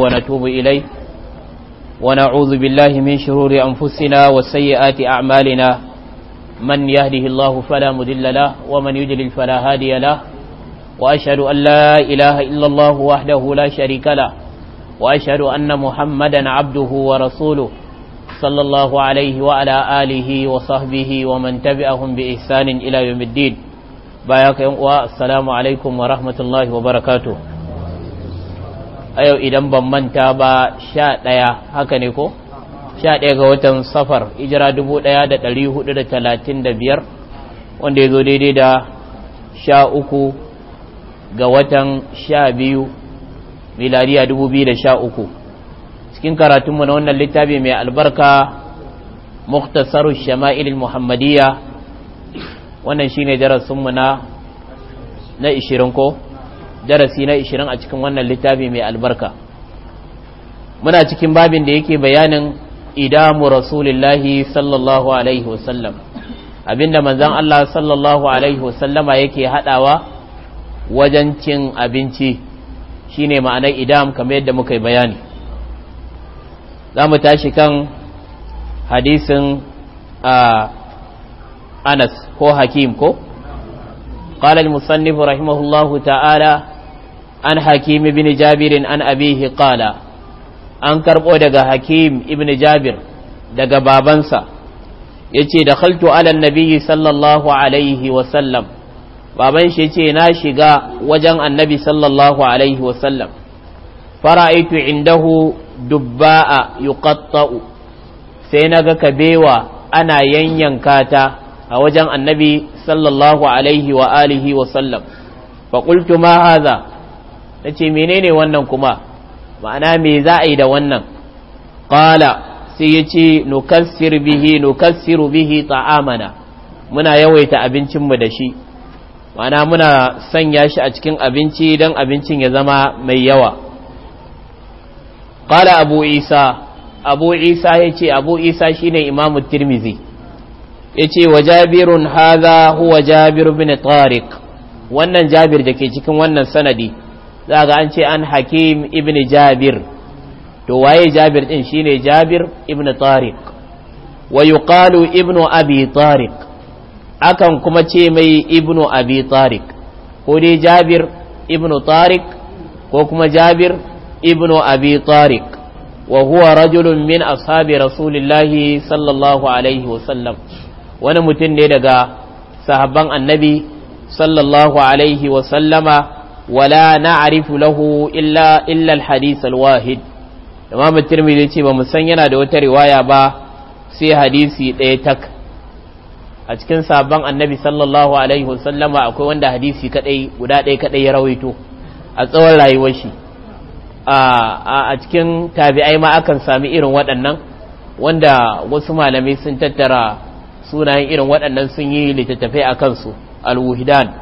ونتوب إليه ونعوذ بالله من شرور أنفسنا وسيئات أعمالنا من يهده الله فلا مدل له ومن يجلل فلا هادي له وأشهد أن لا إله إلا الله وحده لا شريك له وأشهد أن محمدا عبده ورسوله صلى الله عليه وعلى آله وصحبه ومن تبعهم بإحسان إلى يوم الدين باياك يوم السلام عليكم ورحمة الله وبركاته a yau idan ban manta ba sha ɗaya haka ne ko? sha ɗaya ga watan safar ijira dubu ɗaya da ɗari hudu da talatin da biyar wanda ya zo daidai da sha uku ga watan sha biyu miladiya dubu biyu da sha uku cikin karatunmu na wannan littafi mai albarka muktasaru shamail muhammadiyya wannan shine ne na na ishirin ko? darasi na 20 a cikin wannan littafi mai albarka muna cikin babin da yake bayanin idamu rasulillahi sallallahu alaihi wasallam abinda manzon Allah sallallahu alaihi wasallama yake hadawa wajen cin abinci shine ma'anar idam kamar yadda muka yi bayani za mu tashi kan hadisin anas ko hakim ko قال المصنف رحمه الله تعالى an hakim ibn jabirin an abihi qala an karbo daga hakim ibn jabir daga babansa yace dakhaltu ala nabiyyi sallallahu alaihi wa sallam baban shi yace na shiga wajen annabi sallallahu alaihi wa sallam fara'aitu indahu dubba'a yuqatta'u sai naga kabewa ana yanyanka ta a wajen annabi sallallahu alaihi wa alihi wa sallam fa qultu ma hadha na ce menene wannan kuma ma'ana me za a yi da wannan Ƙwala sai ya ce nukassir bihi nukassiru bihi ta'amana muna yawaita abincinmu da shi ma'ana muna sanya shi a cikin abinci don abincin ya zama mai yawa Ƙwala abu isa abu isa ya ce abu isa shine imamu tirmizi ya ce wa jabirun haza huwa jabir bin tariq wannan jabir da ke cikin wannan sanadi zaga ga an ce an hakim ibn jabir to waye jabir din shine jabir ibn tariq wa yuqalu ibn abi tariq akan kuma ce mai ibn abi tariq ko dai jabir ibn tariq ko kuma jabir ibn abi tariq wa huwa rajulun min ashabi rasulillahi sallallahu alaihi sallam wani mutum ne daga sahabban annabi sallallahu alaihi sallama. wala na'rifu lahu illa illa al-hadith al-wahid imam ce ba san yana da wata riwaya ba sai hadisi ɗaya tak a cikin sabon annabi sallallahu alaihi wasallama akwai wanda hadisi kadai guda ɗaya kadai ya rawaito a tsawon rayuwar shi a cikin tabi'ai ma akan sami irin waɗannan wanda wasu malamai sun tattara sunayen irin waɗannan sun yi littattafai a kansu alwuhidan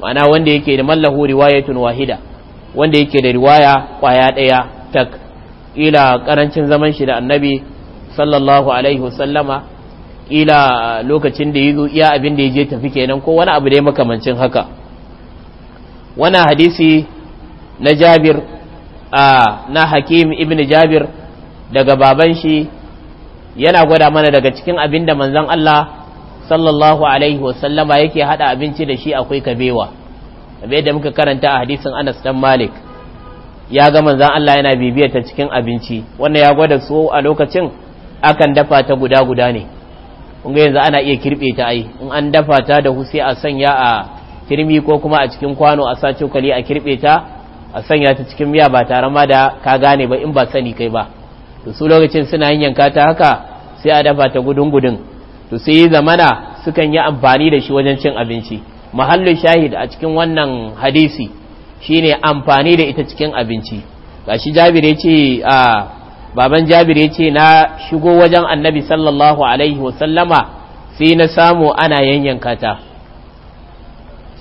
ma'ana wanda yake da mallahu riwayatun wahida wanda yake da riwaya kwaya daya tak ila karancin zaman shi da annabi sallallahu alaihi wasallama ila lokacin da yazo iya abin da yaje tafi kenan ko wani abu da ya makamancin haka wannan hadisi na Jabir a na Hakim ibn Jabir daga baban shi yana gwada mana daga cikin abin da manzon Allah sallallahu alaihi wasallama yake hada abinci da shi akwai kabewa kabe da muka karanta a hadisin Anas dan Malik ya ga manzon Allah yana bibiya ta cikin abinci wannan ya gwada su a lokacin akan dafa ta guda guda ne kun ga yanzu ana iya kirbe ta ai in an dafa ta da husi a sanya a kirmi ko kuma a cikin kwano a sa cokali a kirbe ta a sanya ta cikin miya ba tare ma da ka gane ba in ba sani kai ba to su lokacin suna yin yanka ta haka sai a dafa ta gudun gudun to sai zamana sukan yi amfani da shi wajen cin abinci mahallin shahid a cikin wannan hadisi shine amfani da ita cikin abinci gashi jabir ya ce a baban jabir ya ce na shigo wajen annabi sallallahu alaihi wasallama sai na samu ana yanyanka ta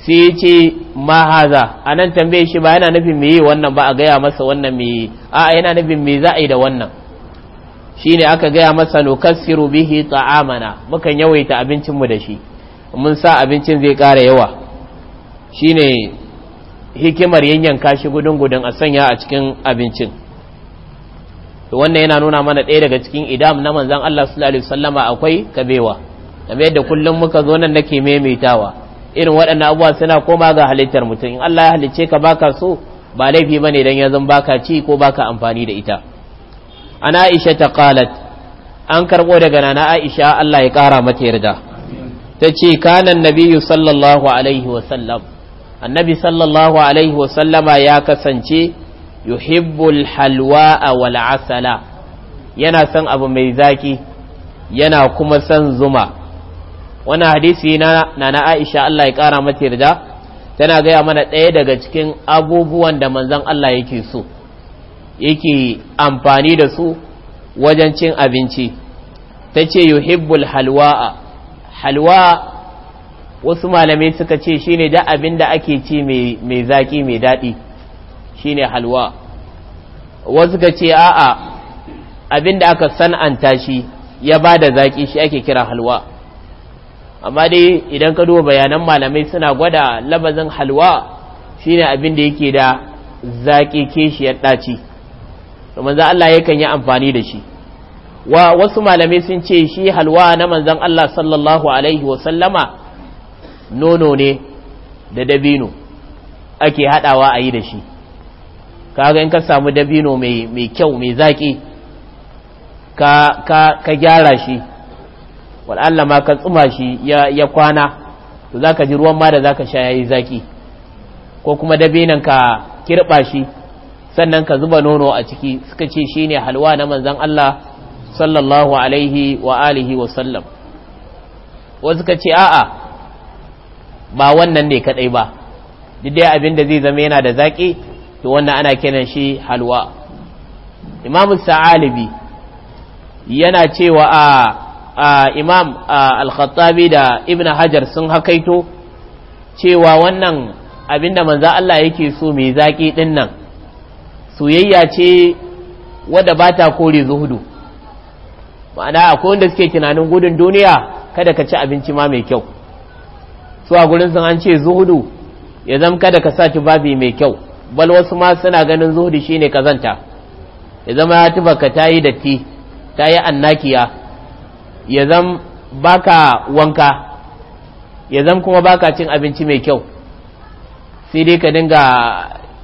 sai ya ce ma haza anan tambaye shi ba yana nufin me wannan ba a gaya masa wannan me A'a yana nufin me za a yi da wannan ne aka gaya masa nukassiru bihi ta'amana mukan yawaita abincinmu da shi mun sa abincin zai ƙara yawa shine hikimar yanyanka shi gudun gudun a sanya a cikin abincin to wannan yana nuna mana ɗaya daga cikin idam na manzan Allah sallallahu akwai kabewa kamar yadda kullum muka zo nan nake maimaitawa irin waɗannan abubuwa suna koma ga halittar mutum in Allah ya halicce ka baka so ba laifi bane dan yanzu baka ci ko baka amfani da ita an aisha ta kalat an karbo daga nana aisha Allah ya kara mata yarda tace kana annabiyyu sallallahu alaihi wa annabi sallallahu alaihi wa sallama ya kasance yuhibbul halwa wal asala yana son abu mai zaki yana kuma son zuma wani hadisi na na aisha Allah ya kara mata yarda tana gaya mana ɗaya daga cikin abubuwan da manzon Allah yake so yake amfani da su wajen cin abinci ta ce hibbul halwa'a halwa wasu malamai suka ce shi ne da abin da ake ci mai zaƙi mai daɗi shi ne halwa wasu ka ce a'a abin da aka san'anta shi ya ba da zaƙi shi ake kira halwa amma dai idan ka duba bayanan malamai suna gwada labazin halwa shi ne abin da yake da zaƙi keshiyar ɗaci to Allah yakan yi amfani da shi wa wasu malamai sun ce shi halwa na manzan Allah sallallahu alaihi wa sallama nono ne da dabino ake haɗawa a yi da shi kaga in ka samu dabino mai kyau mai zaki ka ka gyara shi wal'alla ma ka tsuma shi ya kwana to za ka ji ruwan ma da za ka sha ya yi zaƙi ko kuma dabinan ka kirɓa shi sannan ka zuba nono a ciki suka ce shi ne halwa na manzan Allah sallallahu alaihi wa alihi wa sallam wasu suka ce a'a ba wannan ne kadai ba duk dai abin zai zama yana da zaƙi to wannan ana kiran shi halwa imam sa'alibi yana cewa a imam al-khattabi da ibn hajar sun hakaito cewa wannan abinda manzo Allah yake so mai zaƙi din nan soyayya ce wadda ba ta kore zuhudu ma'ana akwai wanda suke tunanin gudun duniya kada ka ci abinci ma mai kyau su a gurin sun an ce zuhudu ya zama kada ka sa babi mai kyau bal wasu ma suna ganin zuhudu shine kazanta ya zama ya tubaka ta yi datti ta yi annakiya ya zama baka wanka ya zama kuma baka cin abinci mai kyau sai dai ka dinga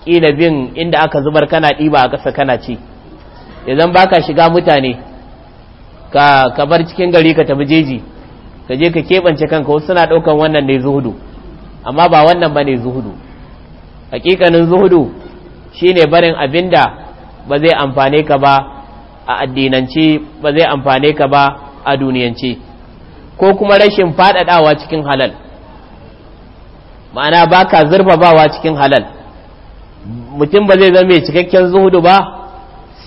kila bin inda aka zubar kana ɗiba a ƙasa kana ci idan baka shiga mutane ka ka bar cikin gari ka tafi jeji ka je ka keɓance kanka wasu suna ɗaukan wannan ne zuhudu amma ba wannan ba ne zuhudu hakikanin zuhudu shine barin abinda ba zai amfane ka ba a addinance ba zai amfane ka ba a duniyance ko kuma rashin faɗaɗawa cikin halal ma'ana baka zurfafawa cikin halal mutum ba zai zama cikakken zuhudu ba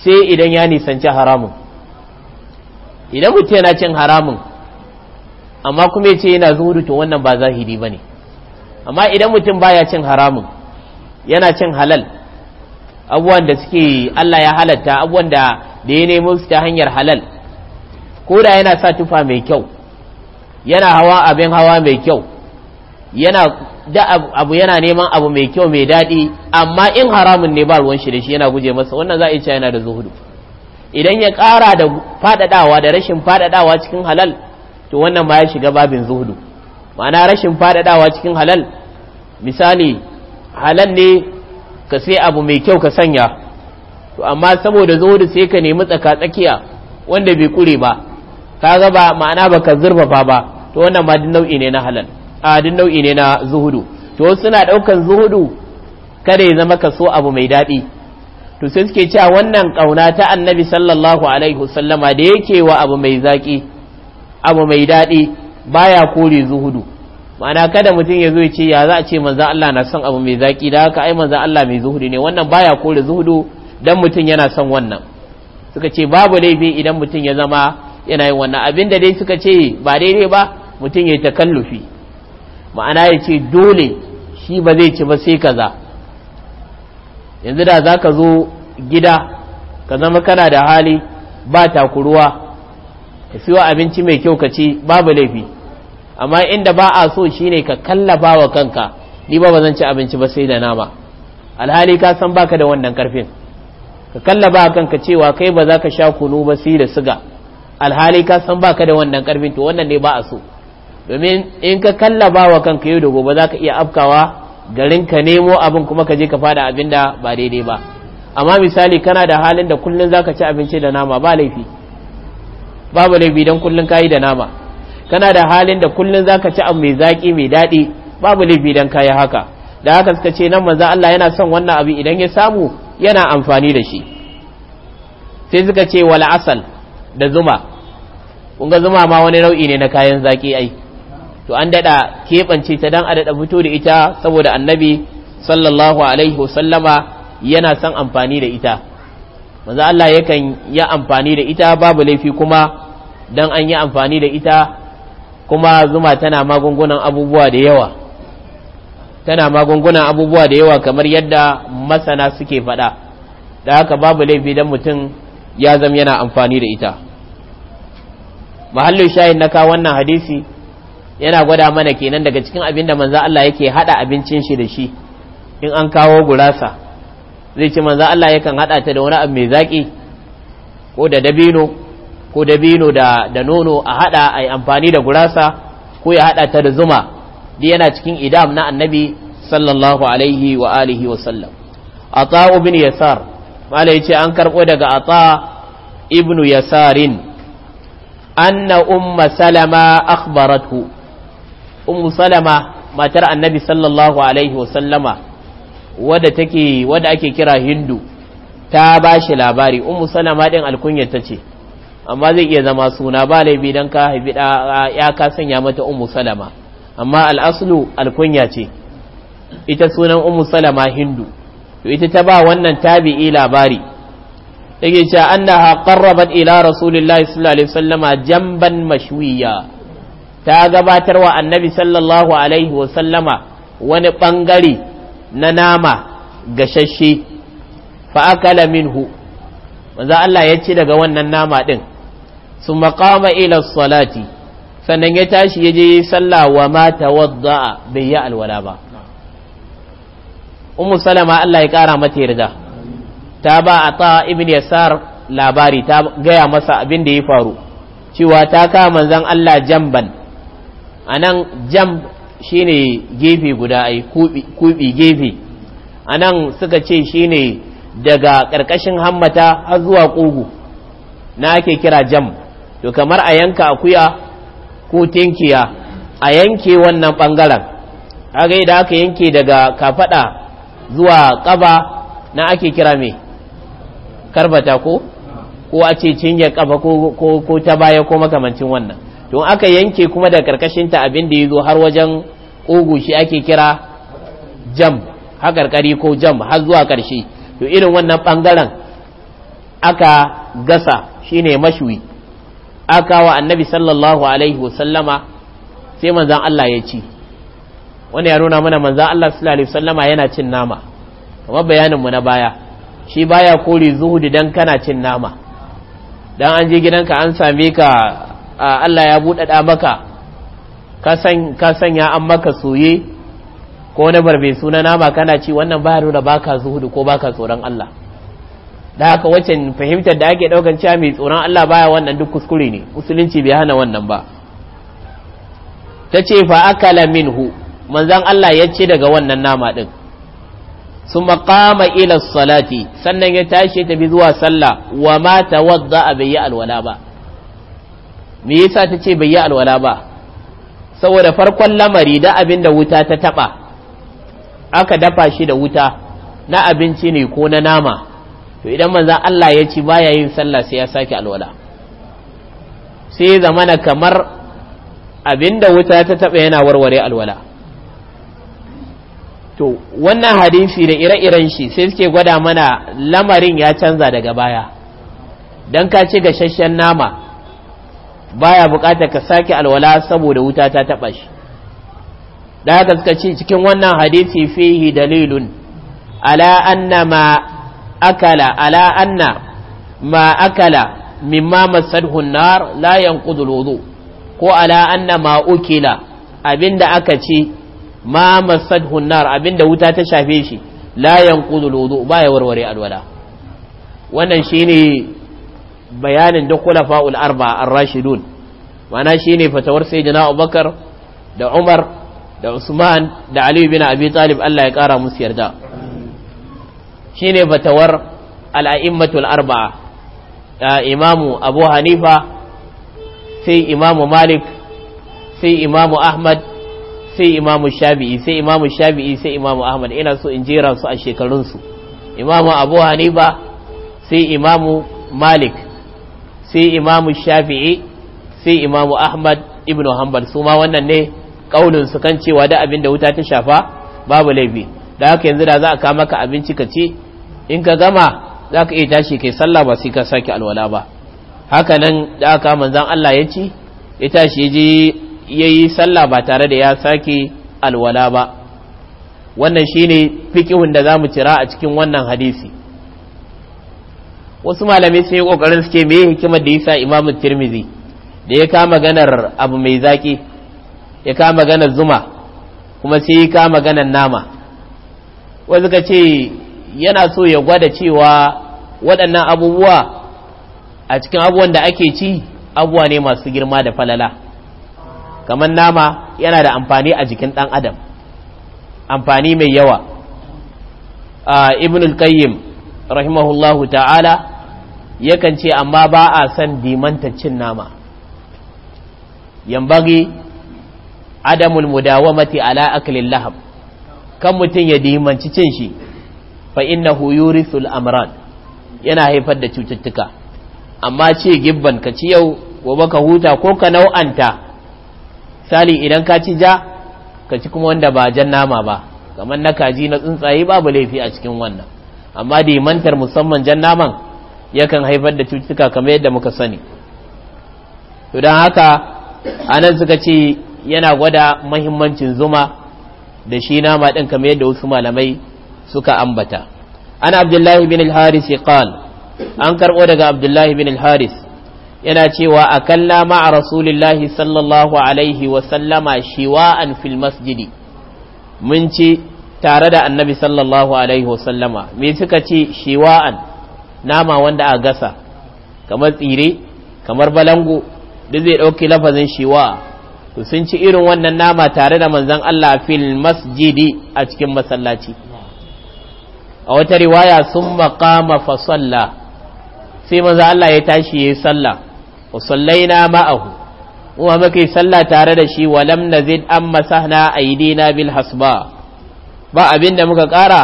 sai idan ya nisanci haramun idan mutum yana cin haramun amma kuma ya ce yana zuhudu to wannan ba zahiri ba ne amma idan mutum baya cin haramun yana cin halal abubuwan da suke Allah ya halatta abubuwan da da ya nemo su ta hanyar halal ko da yana sa tufa mai kyau yana hawa abin hawa mai kyau yana da abu yana neman abu mai kyau mai daɗi amma in haramun ne ba ruwan shi da shi yana guje masa wannan za a iya yana da zuhudu idan ya kara da faɗaɗawa da rashin faɗaɗawa cikin halal to wannan ma ya shiga babin zuhudu ma'ana rashin faɗaɗawa cikin halal misali halal ne ka sai abu mai kyau ka sanya to amma saboda zuhudu sai ka nemi tsaka-tsakiya wanda bai kure ba ka ga ba ma'ana baka zurfafa ba to wannan ma duk nau'i ne na halal a duk nau'i ne na zuhudu to suna daukan zuhudu kada ya zama kaso abu mai daɗi to sai suke cewa wannan kauna ta annabi sallallahu alaihi wasallama da yake wa abu mai zaki abu mai daɗi baya kore zuhudu ma'ana kada mutum ya zo ya ce ya za a ce manzo Allah na son abu mai zaki da haka ai manzo Allah mai zuhudu ne wannan baya kore zuhudu dan mutum yana son wannan suka ce babu laifi idan mutum ya zama yana yin wannan abin da dai suka ce ba daidai ba mutum ya takallufi ma'ana ya ce dole shi ba zai ci ba sai kaza yanzu da za ka zo gida ka zama kana da hali ba takuruwa ka siyo abinci mai kyau ka ci babu laifi amma inda ba a so shi ne ka kallaba wa kanka ni ba ba zan ci abinci ba sai da nama alhali ka san baka da wannan karfin ka kallaba kanka cewa kai ba za ka sha kunu ba sai da siga alhali ka san baka da wannan karfin to wannan ne ba a so domin in ka kallaba wa kanka yau da gobe za ka iya afkawa garin ka nemo abin kuma ka je ka fada abin da ba daidai ba amma misali kana da halin da kullum za ka ci abinci da nama ba laifi babu laifi don kullum ka yi da nama kana da halin da kullum za ka ci abu mai zaƙi mai daɗi babu laifi don ka yi haka da haka suka ce nan maza Allah yana son wannan abu idan ya samu yana amfani da shi sai suka ce wala asal da zuma ga zuma ma wani nau'i ne na kayan zaƙi ai to an dada keɓance ta dan a dada fito da ita saboda annabi sallallahu alaihi wasallama yana son amfani da ita manzo Allah yakan yi amfani da ita babu laifi kuma dan an yi amfani da ita kuma zuma tana magungunan abubuwa da yawa tana magungunan abubuwa da yawa kamar yadda masana suke faɗa da haka babu laifi dan mutum ya zama yana amfani da ita mahallin shayin na ka wannan hadisi yana gwada mana kenan daga cikin abin da manzo Allah yake hada abincin shi da shi in an kawo gurasa zai ce manza Allah yakan hada ta da wani abu mai zaki ko da dabino ko dabino da da nono a hada ai amfani da gurasa ko ya hada ta da zuma duk yana cikin idam na annabi sallallahu alaihi wa alihi wa sallam ata ibn yasar mala yace an karbo daga ata ibn yasarin anna umma salama akhbaratu ummu salama matar annabi sallallahu alaihi wasallama wadda take wadda ake kira hindu ta ba shi labari ummu salama din alkunyar ce amma zai iya zama suna ba laifi don ka haifi ya ka sanya mata ummu salama amma al'aslu alkunya ce ita sunan ummu salama hindu to ita ta ba wannan tabi'i labari take cewa annaha qarrabat ila rasulillahi sallallahu alaihi wasallama jamban mashwiya ta gabatar wa annabi sallallahu alaihi wasallama wani ɓangare na nama gashashe fa'akala minhu manzo Allah ya ci daga wannan nama ɗin su maƙama ila salati sannan ya tashi ya je sallah wa mata wadda bai yi alwala ba umu salama Allah ya ƙara mata yarda ta ba a ta ibn yasar labari ta gaya masa abin da ya faru cewa ta kama manzon Allah jamban a nan jam shine gefe guda ai kubi gefe a nan suka ce shine daga ƙarƙashin hammata har zuwa ƙugu na ake kira jam to kamar a yanka akuya ko tinkiya a yanke wannan ɓangaren aga da aka yanke daga kafaɗa zuwa ƙaba na ake kira mai karbata ko ko a ce cinye ƙafa ko ta baya ko makamancin wannan tun aka yanke kuma da karkashinta abin da ya zo har wajen ugu shi ake kira jam haƙarƙari ko jam har zuwa karshe to irin wannan bangaren aka gasa shine mashwi aka wa annabi sallallahu alaihi wasallama sai manzan Allah ya ci wani ya nuna mana manzan Allah sallallahu alaihi wasallama yana cin nama kamar bayaninmu na baya shi baya kore zuhudi dan kana cin nama dan an je gidanka an same ka Allah ya buɗaɗa maka ka sanya an maka soye ko na barbe suna nama kana ci wannan ba nuna baka zuhudu ko baka tsoron Allah da haka waccan fahimtar da ake ɗaukan cewa mai tsoron Allah baya wannan duk kuskure ne musulunci bai hana wannan ba ta ce fa akala minhu manzan Allah ya ce daga wannan nama ɗin su maƙama ilas salati sannan ya tashi tafi zuwa sallah wa ma tawadda a bai yi alwala ba me yasa ta ce bai yi alwala ba saboda farkon lamari da abin da wuta ta taba aka dafa shi da wuta na abinci ne ko na nama to idan manzan Allah ya ci baya yin sallah sai ya sake alwala sai zamana kamar abin da wuta ta taba yana warware alwala to wannan hadisi da ire-iren shi sai suke gwada mana lamarin ya canza daga baya don ka ci gashashen nama baya buƙatar ka sake alwala saboda wuta ta taɓa shi da haka suka ce cikin wannan hadisi fihi dalilun ala anna ma akala ala anna ma akala mimma masadhu nar la alwudu ko ala anna ma ukila abinda aka ce ma masadhu nar abinda wuta ta shafe shi la yanqudu alwudu baya warware alwala wannan shine bayanin duk kulafa'ul arba ar-rashidun mana shine fatawar sayyidina Abubakar da Umar da Usman da aliyu bin Abi Talib Allah ya kara musu yarda shine fatawar al-a'immatul arba'a imamu Abu Hanifa sai imamu Malik sai imamu Ahmad sai imamu Shafi'i sai imamu Shafi'i sai imamu Ahmad ina so in jera su a shekarunsu imamu Abu Hanifa sai imamu Malik sai imamu shafi'i sai imamu ahmad ibn hanbal su ma wannan ne kaunin su kan cewa da abin da wuta ta shafa babu laifi da haka yanzu da za a kama ka abinci ka ci in ka gama za ka iya tashi kai sallah ba sai ka sake alwala ba haka nan da aka manzan Allah ya ci ya tashi ji ya sallah ba tare da ya sake alwala ba wannan shine fikihun da zamu mu cira a cikin wannan hadisi wasu malamai sun yi kokarin suke me hikimar da yasa Imam tirmizi da ya kama ganar abu mai zaki ya kama maganar zuma kuma sai ya kama maganar nama wasu ka ce yana so ya gwada cewa waɗannan abubuwa a cikin abubuwan da ake ci abuwa ne masu girma da falala kamar nama yana da amfani a jikin ɗan adam amfani mai yawa ah, ibn al-qayyim rahimahullahu ta'ala yakan ce amma ba a san cin nama yambagi adamul mudawamati ala aklin lahab kan mutum ya dimanci cin shi fa innahu yurithul amran yana haifar da cututtuka amma ce gibban ka ci yau gobe ka huta ko ka nau'anta sali idan ka ci ja ka ci kuma wanda ba jan nama ba kamar na kaji na tsuntsaye babu laifi a cikin wannan amma dimantar musamman jan naman yakan haifar da cututtuka kamar yadda muka sani to don haka anan suka ce yana gwada mahimmancin zuma da shi nama ɗin kamar yadda wasu malamai suka ambata an abdullahi bin al-haris ya an karɓo daga abdullahi bin al-haris yana cewa a kalla ma'a rasulillahi sallallahu alaihi wasallama shiwa'an fil masjidi mun ci tare da annabi sallallahu alaihi wasallama me suka ce shiwa'an nama wanda a gasa kamar tsire kamar balango duk zai ɗauki lafazin shiwa to sun ci irin wannan nama tare da manzan Allah fil masjidi a cikin masallaci a wata riwaya sun maƙama fa salla sai manzan Allah ya tashi ya yi salla wa sallaina ma'ahu kuma muka yi salla tare da shi walam nazid an masahna aidina bil hasba ba abin da muka ƙara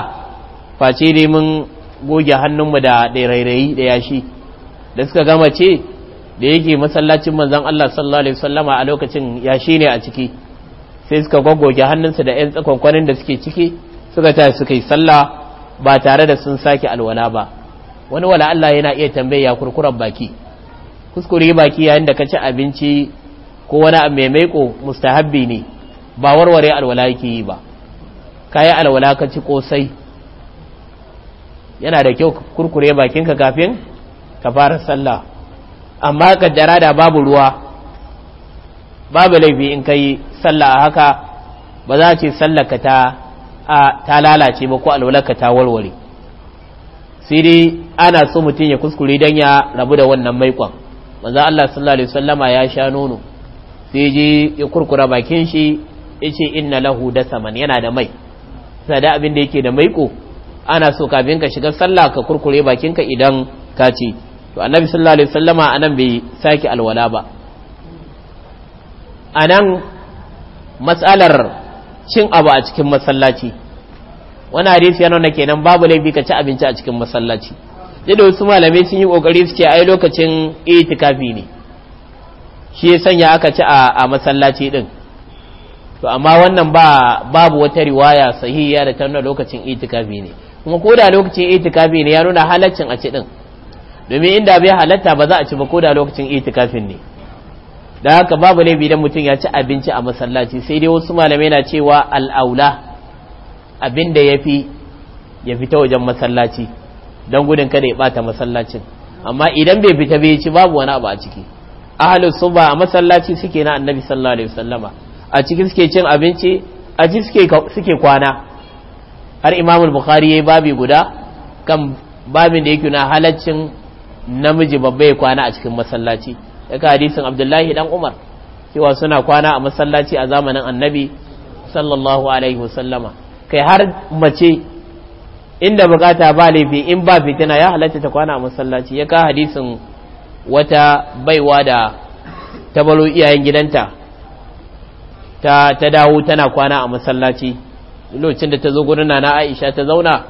face dai mun goge hannunmu da rairayi da yashi da suka gama ce da yake masallacin manzan Allah sallallahu alaihi wasallama a lokacin yashi ne a ciki sai suka goge hannunsu da 'yan tsakonkwanin da suke ciki suka ta suka yi sallah ba tare da sun sake alwala ba wani wala Allah yana iya tambaya kurkuren baki kuskure baki yayin da ka ci abinci ko wani abu mai maiko mustahabbi ne ba warware alwala yake yi ba kayi alwala ka ci kosai yana da kyau kurkure bakinka kafin ka fara sallah amma kaddara da babu ruwa babu laifi in kai sallah a haka ba za ce sallaka ta ta lalace ba ko alwalaka ta warware sai dai ana so mutum ya kuskure don ya rabu da wannan maikon manzo Allah sallallahu alaihi wasallama ya sha nono sai ji ya kurkura bakin shi yace inna lahu da saman yana da mai sada abin da yake da maiko ana so kafin ka shiga sallah ka kurkure bakin ka idan ka ci to annabi sallallahu alaihi wasallama anan bai saki alwala ba anan matsalar cin abu a cikin masallaci wani hadisi ya nuna kenan babu laifi ka ci abinci a cikin masallaci duk da wasu malamai sun yi kokari su ce ai lokacin itikafi ne shi ya sanya aka ci a masallaci din to amma wannan ba babu wata riwaya sahihiya da ta nuna lokacin itikafi ne kuma ko da lokacin itikafi ne ya nuna halaccin a ci din domin inda bai halatta ba za a ci ba ko da lokacin itikafin ne da haka babu laifi dan mutum ya ci abinci a masallaci sai dai wasu malamai na cewa al'aula abin da yafi ya fita wajen masallaci don gudun kada ya bata masallacin amma idan bai fita bai ci babu wani abu a ciki ahlus suba a masallaci suke na annabi sallallahu alaihi wasallama a ciki suke cin abinci a ciki suke kwana har imamul bukhari ya yi babi guda kan babin da yake na halaccin namiji babba ya kwana a cikin masallaci daga hadisin abdullahi dan umar cewa suna kwana a masallaci a zamanin annabi sallallahu alaihi wasallama kai har mace inda bukata ba laifi in ba fitina ya halatta ta kwana a masallaci ya ka hadisin wata baiwa da tabalo iyayen gidanta ta ta dawo tana kwana a masallaci lokacin da ta zo gurin Nana Aisha ta zauna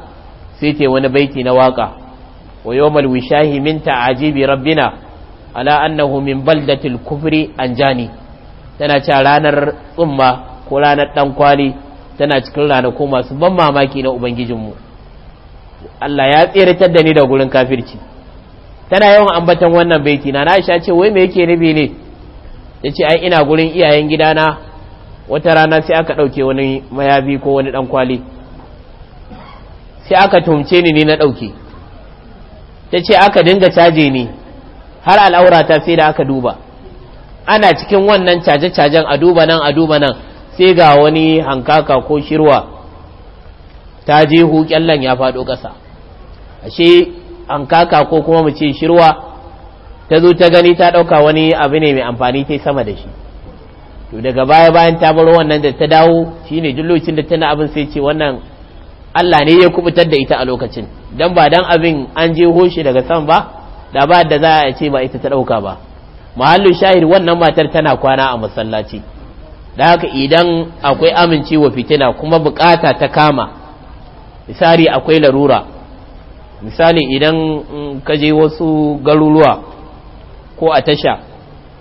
sai ta wani baiti na waka wa yawmal wishahi min ta'ajibi rabbina ala annahu min baldatil kufri anjani tana cewa ranar tsumma ko ranar dan kwali tana cikin ranaku masu ban mamaki na ubangijinmu Allah ya tseratar da ni da gurin kafirci tana yawan ambatan wannan baiti na Aisha ce wai me yake nabi ne yace ai ina gurin iyayen gidana wata rana sai aka ɗauke wani mayabi ko wani ɗan kwali sai aka tumce ni ne na ɗauke ta ce aka dinga caje ni har al'aurata sai da aka duba ana cikin wannan caje-cajen a duba nan a duba nan sai ga wani hankaka ko shirwa ta je hukyallon ya faɗo ƙasa ashe hankaka ko kuma mu ce shirwa ta zo ta gani ta ɗauka wani abu ne mai amfani ta sama da shi to daga baya bayan ta bar wannan da ta dawo shine duk lokacin da tana abin sai ce wannan Allah ne ya kubutar da ita a lokacin dan ba dan abin an je hoshi daga san ba da ba da za a ce ba ita ta dauka ba mahallu shahid wannan matar tana kwana a masallaci da haka idan akwai amincewa fitina kuma bukata ta kama misali akwai larura misali idan ka je wasu garuruwa ko a tasha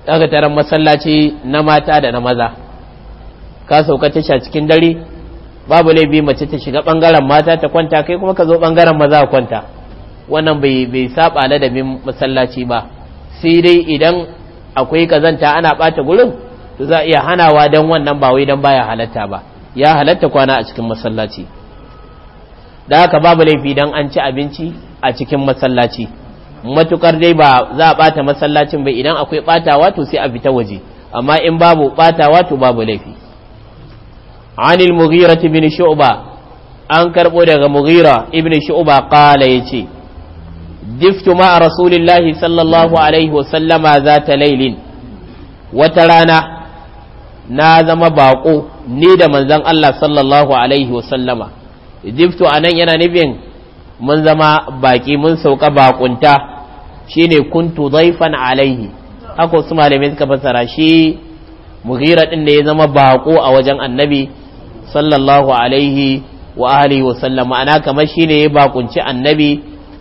daga taron masallaci na mata da na maza ka sauka tasha cikin dare babu laifi mace ta shiga bangaren mata ta kwanta kai kuma ka zo bangaren maza a kwanta wannan bai bai saba ladabin masallaci ba sai dai idan akwai kazanta ana bata gurin to za iya hanawa dan wannan ba wai dan baya halatta ba ya halatta kwana a cikin masallaci da haka babu laifi dan an ci abinci a cikin masallaci matukar dai ba za a bata masallacin bai idan akwai ɓatawa to sai a fita waje amma in babu batawa to babu laifi anil mughira ibn shu'ba an karbo daga mughira ibn shu'ba qala yace diftu ma rasulillahi sallallahu alaihi wasallama zata lailin wata rana na zama bako ni da manzon Allah sallallahu alaihi wasallama diftu anan yana nufin mun zama baki mun sauka bakunta shine kuntu zaifan alaihi haka wasu malamai suka fassara shi mughira din da ya zama bako a wajen annabi sallallahu alaihi wa alihi wa sallam ma'ana kamar shine ya bakunci annabi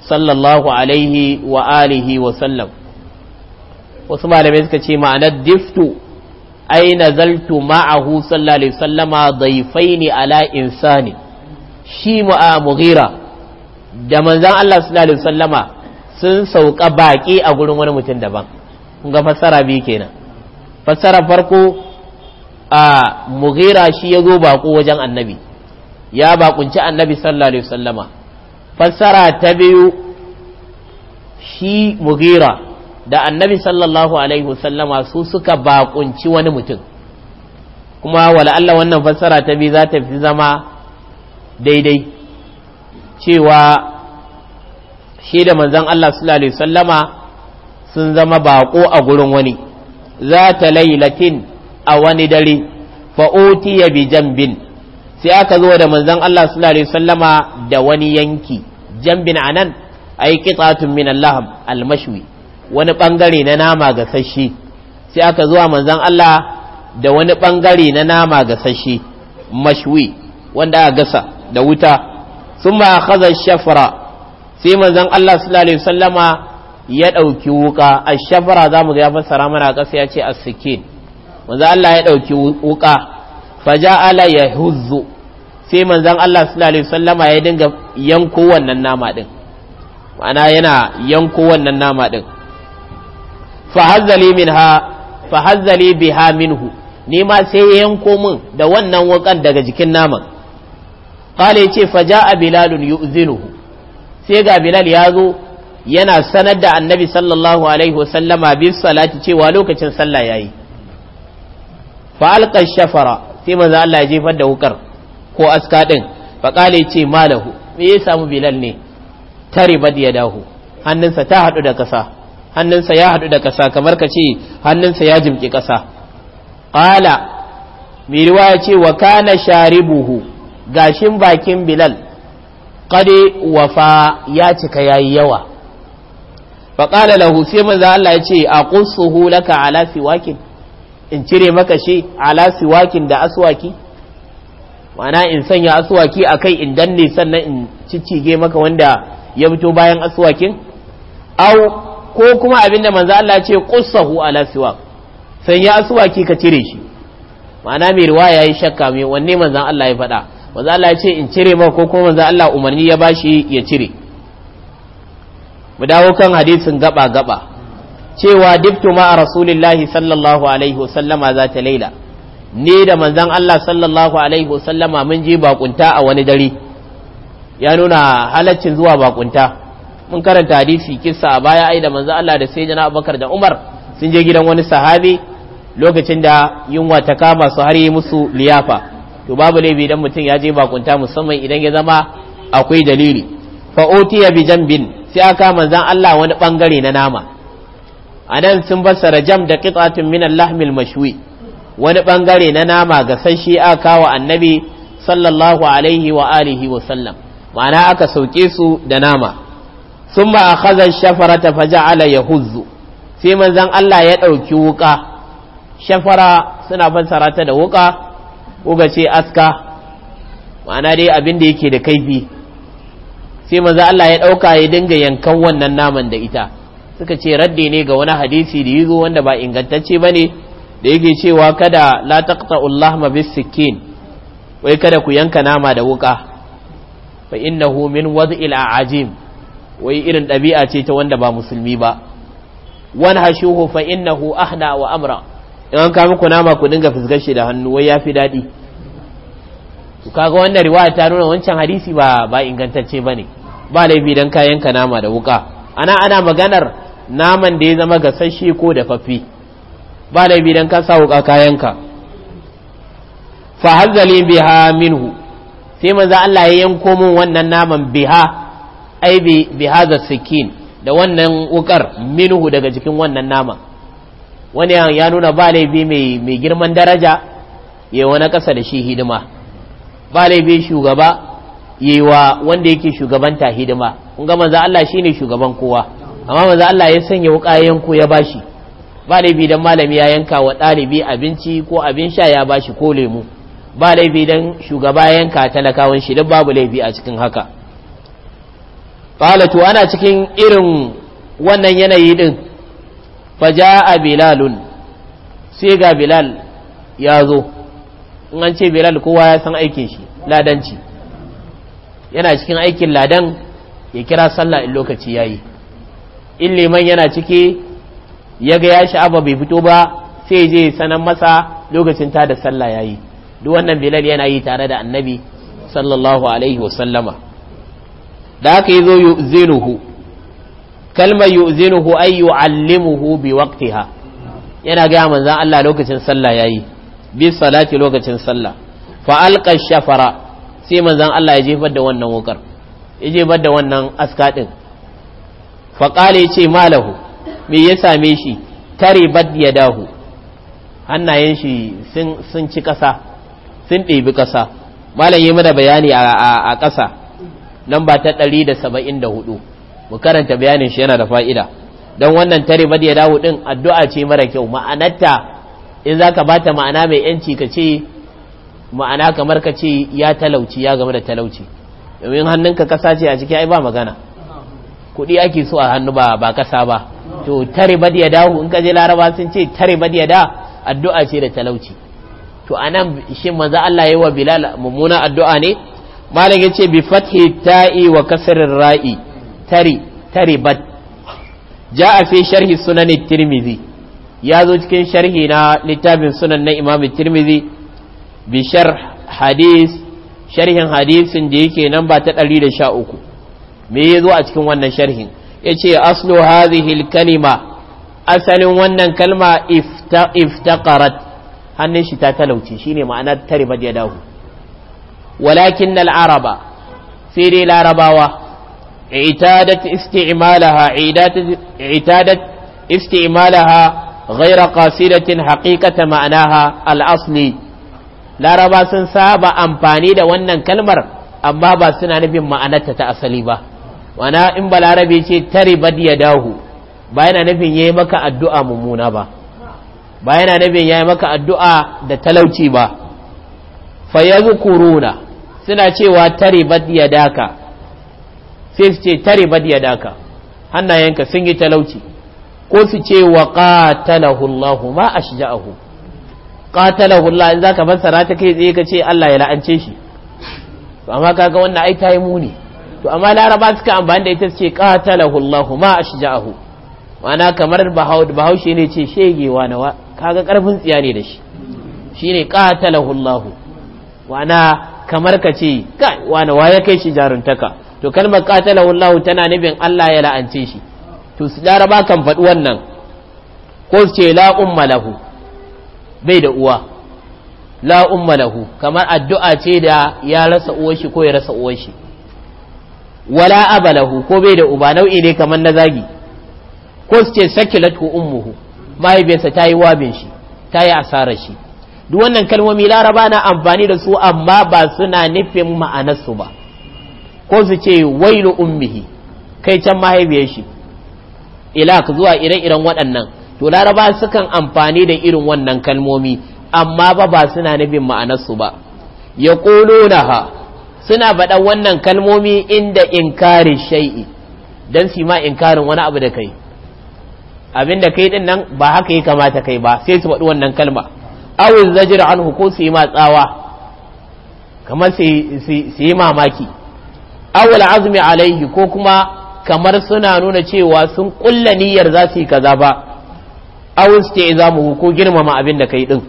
sallallahu alaihi wa alihi wa sallam wasu malamai suka ce ma'anar diftu ai nazaltu ma'ahu sallallahu alaihi sallama daifaini ala insani shi mu'a mughira da manzan Allah sallallahu alaihi sallama sun sauka baƙi a gurin wani mutum daban ga fassara biyu kenan fassara farko a mughira shi ya zo baƙo wajen annabi ya baƙunci annabi sallallahu alaihi wasallama fassara ta biyu shi mughira da annabi sallallahu alaihi wasallama su suka baƙunci wani mutum kuma wala Allah wannan fassara ta biyu za ta fi zama daidai cewa shi da manzan Allah sallallahu alaihi wasallama sun zama bako a gurin wani za ta lailatin a wani dare fa utiya bi jambin sai aka zo da manzan Allah sallallahu alaihi wasallama da wani yanki jambin anan nan qitatun min al-lahab al-mashwi wani bangare na nama ga gasasshe sai aka zuwa manzan Allah da wani ɓangare na nama ga gasasshe mashwi wanda a gasa da wuta sun ma kaza shafara sai manzan Allah sallallahu alaihi wasallama ya dauki wuka a shafara mu ga ya fassara mana kasa ya ce as-sikin manzan Allah ya dauki wuka ya yahuzzu sai manzan Allah sallallahu alaihi wasallama ya dinga yanko wannan nama din ma'ana yana yanko wannan nama din fa hazzali minha fa hazzali biha minhu ni ma sai ya yanko min da wannan wukan daga jikin naman qala yace fa a bilalun yu'zinuhu sai ga bilal ya zo yana sanar da annabi sallallahu alaihi wasallama bis salati cewa lokacin sallah yayi fa alqa shafara sai manzo Allah ya jefar da hukar ko aska din fa kale ce malahu me ya samu bilal ne tare bad ya dahu hannunsa ta hadu da kasa hannunsa ya hadu da kasa kamar ka ce hannunsa ya jimki kasa qala mai riwaya ce wa kana sharibuhu gashin bakin bilal qadi wafa ya cika yayi yawa fa qala lahu sai manzo Allah ya ce aqussuhu laka ala siwakin in cire maka shi ala siwakin da aswaki wana in sanya aswaki akai in danne sannan in ciccige maka wanda ya fito bayan aswakin au ko kuma abinda manzo Allah ya ce qussahu ala siwak sanya aswaki ka cire shi ma'ana mai riwaya yi shakka mai wanne manzon Allah ya faɗa manzo Allah ya ce in cire maka ko kuma manzo Allah umarni ya bashi ya cire mu dawo kan hadisin gaba gaba cewa dibtu ma rasulillahi sallallahu alaihi wasallama za ta laila ni da manzan Allah sallallahu alaihi wasallama mun je bakunta a wani dare ya nuna halaccin zuwa bakunta mun karanta hadisi kissa a baya ai da manzon Allah da jana Abubakar da Umar sun je gidan wani sahabi lokacin da yunwa ta kama su har yi musu liyafa to babu laifi idan mutum ya je bakunta musamman idan ya zama akwai dalili fa utiya bi jambin sai aka manzan Allah wani bangare na nama anan sun fassara jam da qit'atun min al-lahmil mashwi wani bangare na nama gasasshe aka wa annabi sallallahu alaihi wa alihi wa sallam ma'ana aka sauke su da nama summa akhadha ash-shafarata faja'ala yahuzzu sai manzan Allah ya dauki wuka shafara suna fassara ta da wuka ko ga ce aska ma'ana dai abin da yake da kaifi sai maza Allah ya ɗauka ya dinga yankan wannan naman da ita suka ce radde ne ga wani hadisi da yizo wanda ba ingantacce ba ne da yake cewa kada la Allah ma bis sikin wai kada ku yanka nama da wuka fa innahu min wad'il ajim wai irin ɗabi'a ce ta wanda ba musulmi ba wan hashuhu fa innahu ahna wa amra in an kama ku nama ku dinga fuskar shi da hannu wai ya fi daɗi su kaga wannan riwaya ta nuna wancan hadisi ba ba ingantacce bane ba laifi dan kayan ka nama da wuka ana ana maganar naman da ya zama gasasshe ko dafaffe ba laifi dan ka sa wuka kayan ka fa bi biha minhu sai manzo Allah ya yanko min wannan naman biha ai bi hadha sikin da wannan wukar minhu daga jikin wannan naman wani ya nuna ba laifi mai girman daraja ya wani ƙasa da shi hidima ba laifi shugaba ya wa wanda yake shugabanta hidima kun ga manza Allah shi ne shugaban kowa amma manza Allah ya sanya wukayen yanko ya bashi ba laifi dan malami ya yanka wa ɗalibi abinci ko abin sha ya bashi ko lemu ba laifi dan shugaba ya yanka talakawan shi duk babu laifi a cikin haka qalatu ana cikin irin wannan yanayi din a bilalun sai ga bilal ya zo in an ce bilal kowa ya san aikin shi ladanci yana cikin aikin ladan ya kira sallah in lokaci ya yi in liman yana ciki ya ga ya sha'aba bai fito ba sai je sanan masa lokacin ta da sallah yayi duk wannan bilal yana yi tare da annabi sallallahu alaihi wasallama da aka yi zo zinuhu kalmar yu'zinuhu ay yu'allimuhu bi waqtiha yana ga manzon Allah lokacin sallah yayi bi salati lokacin sallah fa alqa shafara sai manzon Allah ya jefar da wannan wukar ya jefar da wannan aska din fa qala yace malahu me ya same shi taribat yadahu hannayen shi sun sun ci ƙasa. sun ɗebi ƙasa. malam yi mana bayani a ƙasa nan ba ta 174 mu karanta bayanin shi yana da fa'ida don wannan tare bad ya dawo din addu'a ce mara kyau ma'anarta in zaka bata ma'ana mai yanci ka ce ma'ana kamar ka ce ya talauci ya game da talauci domin hannunka kasa ce a ciki ai ba magana kuɗi ake so a hannu ba ba kasa ba to tare bad dawo in ka je laraba sun ce tare bad da addu'a ce da talauci to anan shin manzo Allah yayi wa Bilal mummuna addu'a ne malam yace bi fathi ta'i wa kasrir ra'i tari tari bad ja a fi sharhi sunan tirmizi ya zo cikin sharhi na littafin sunan na imam tirmizi bi hadis sharhin hadisin da yake nan ba ta 113 me ya zo a cikin wannan sharhin ya ce aslo hazihil kalima asalin wannan kalma iftakarat hannun shi ta talauce shine ma'anar tari bad ya dawo walakin al-araba sai dai larabawa i'tadat isti'malaha i'tadat isti'malaha غير قاصدة حقيقة معناها الأصلي laraba sun saba amfani da wannan kalmar amma ba suna nufin ma'anarta ta asali ba wana in balarabe ce tare bad ya dahu ba yana nufin yayi maka addu'a mummuna ba ba yana nufin yayi maka addu'a da talauci ba fa yazkuruna suna cewa tare bad ya daka sai su ce tare bad daka hannayenka sun yi talauci ko su ce wa qatalahu Allahu ma ashja'ahu qatalahu Allah in zaka fassara ta kai tsaye kace Allah ya la'ance shi to amma kaga wannan ai tayi muni to amma laraba suka amfani da ita su ce qatalahu Allahu ma ashja'ahu ma'ana kamar bahaushe ne ce shegewa nawa kaga karfin tsiya ne da shi shine qatalahu Allahu ma'ana kamar ka ce kai wa ya kai shi jaruntaka to kalmar katala Allah tana nufin Allah ya la'ance shi to su laraba kan faɗi wannan ko su ce la umma lahu bai da uwa la umma lahu kamar addu'a ce da ya rasa uwar shi ko ya rasa uwar shi wala abalahu ko bai da uba nau'i ne kamar na zagi ko su ce sakilatu ummuhu mahaifiyarsa ta yi wabin shi ta yi asarar shi duk wannan kalmomi laraba na amfani da su amma ba suna nufin ma'anarsu ba ko su ce wailu ummihi kai can mahaifiyar shi ilak zuwa ire-iren waɗannan to laraba sukan amfani da irin wannan kalmomi amma ba ba suna nufin ma'anarsu ba ya ha suna baɗa wannan kalmomi inda inkarin shai'i don su ma inkarin wani abu da kai abin da kai din nan ba haka ya kamata kai ba sai su faɗi wannan kalma awin zajir an ko su yi ma tsawa kamar su yi mamaki awul azmi alaihi ko kuma kamar suna nuna cewa sun kulla niyyar za su yi kaza ba awul ce za mu ko girmama abin da kai din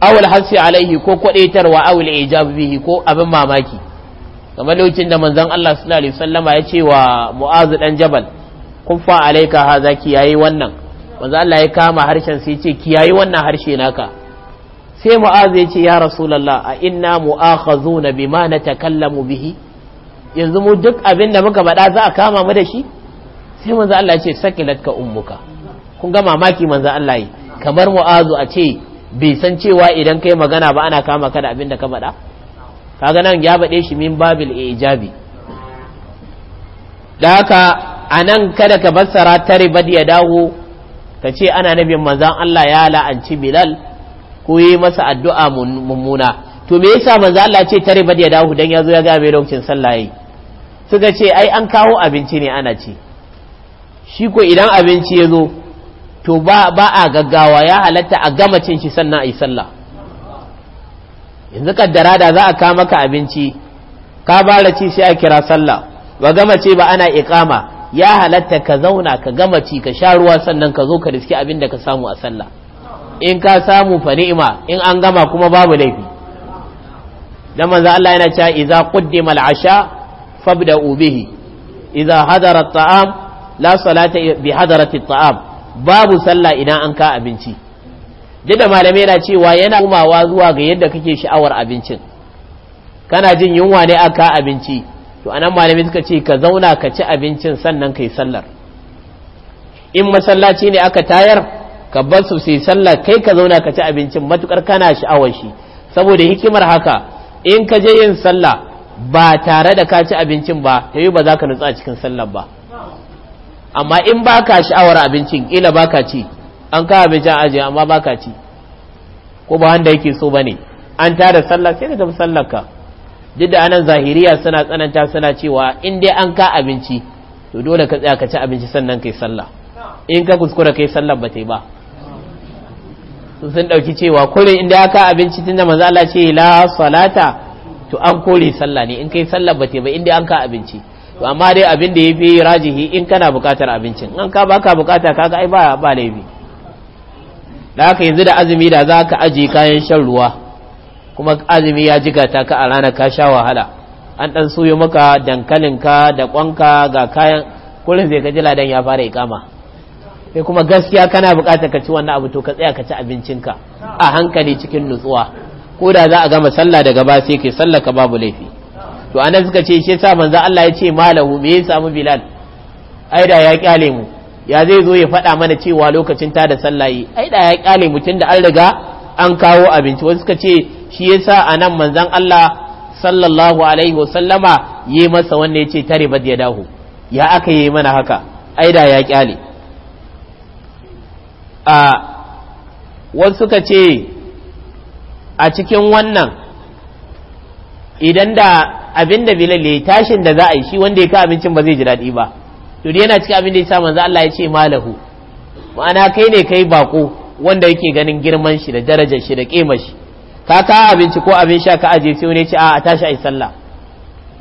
awul hasi alaihi ko kwadaitarwa awul ijab bihi ko abin mamaki kamar lokacin da manzon Allah sallallahu alaihi wasallama ya ce wa mu'azu dan jabal kuffa alaika haza yayi wannan manzon Allah ya kama harshen sai ce kiyayi wannan harshe naka sai mu'azu ya ce ya rasulullah a inna mu'akhazuna bima natakallamu bihi yanzu mu duk abin da muka bada za a kama mu da shi sai manzo Allah ya ce sakilat ka ummuka kun ga mamaki manzo Allah yi kamar mu'azu a ce bai san cewa idan kai magana ba ana kama ka da abin da ka bada kaga nan ya bade shi min babil ijabi da haka anan kada ka fassara tare badiya ya dawo ka ce ana nabin manzon Allah ya la'anci Bilal ko yi masa addu'a mummuna to me yasa manzo Allah ce tare badiya ya dawo dan yazo ya ga mai lokacin sallah yayi suka ce ai an kawo abinci ne ana ci shi ko idan abinci ya zo to ba a gaggawa ya halatta a gama cin shi sannan a yi sallah yanzu kaddara da za a kawo maka abinci ka bara ci sai a kira sallah ba gama ce ba ana iqama ya halatta ka zauna ka gama ci ka sha ruwa sannan ka zo ka riski abin da ka samu a sallah in ka samu fa ni'ima in an gama kuma babu laifi dan manzo Allah yana cewa idza qaddima al-asha Fabda ubihi idza hadara taam la salata bi hadarati taam babu sallah idan an ka abinci duk da malamai na cewa yana kumawa zuwa ga yadda kake sha'awar abincin kana jin yunwa ne aka abinci to anan malamai suka ce ka zauna ka ci abincin sannan kai sallar in masallaci ne aka tayar ka bar su sai sallar kai ka zauna ka ci abincin matukar kana sha'awar shi saboda hikimar haka in ka je yin sallah ba tare da ka ci abincin ba Ta yayi ba za ka nutsu cikin sallar ba amma in ba ka sha'awar abincin ila ba ka ci an ka abincin aji amma ba ka ci ko ba wanda yake so ba ne an tara sallar sai ka tafi sallar ka duk da anan zahiriya suna tsananta suna cewa in dai an ka abinci to dole ka tsaya ka ci abinci sannan kai sallah in ka kuskura kai sallar ba yi ba sun dauki cewa kullum inda aka abinci tunda manzo Allah ce la salata to an kore sallah ne in kai sallah ba ba inda an ka abinci to amma dai abin da yafi rajihi in kana bukatar abincin an ka baka bukata kaga ai ba ba laifi da haka yanzu da azumi da za ka aje kayan shan ruwa kuma azumi ya jigata ka a rana ka sha wahala an dan soyo maka dankalin ka da kwanka ga kayan kullum zai ka ji ladan ya fara ikama sai kuma gaskiya kana bukatar ka ci wannan abu to ka tsaya ka ci abincinka a hankali cikin nutsuwa ko da za a gama sallah daga ba sai kai sallah ka babu laifi to anan suka ce shi yasa manzo Allah ya ce malahu me ya samu bilal ai da ya kyale mu ya zai zo ya faɗa mana cewa lokacin ta da sallaye ai da ya kyale mu tunda an riga an kawo abinci wasu suka ce shi yasa anan manzon Allah sallallahu alaihi wa sallama yi masa wanda ya ce tare ba ya dahu ya aka yi mana haka ai da ya kyale a wasu suka ce a cikin wannan idan da abin da bilal ya tashin da za a yi shi wanda ya ka abincin ba zai ji daɗi ba to yana cikin abin da ya sa manzo Allah ya ce malahu ma'ana kai ne kai bako wanda yake ganin girman shi da darajar shi da kima shi ka ka abinci ko abin sha ka aje sai wani ce a tashi ai sallah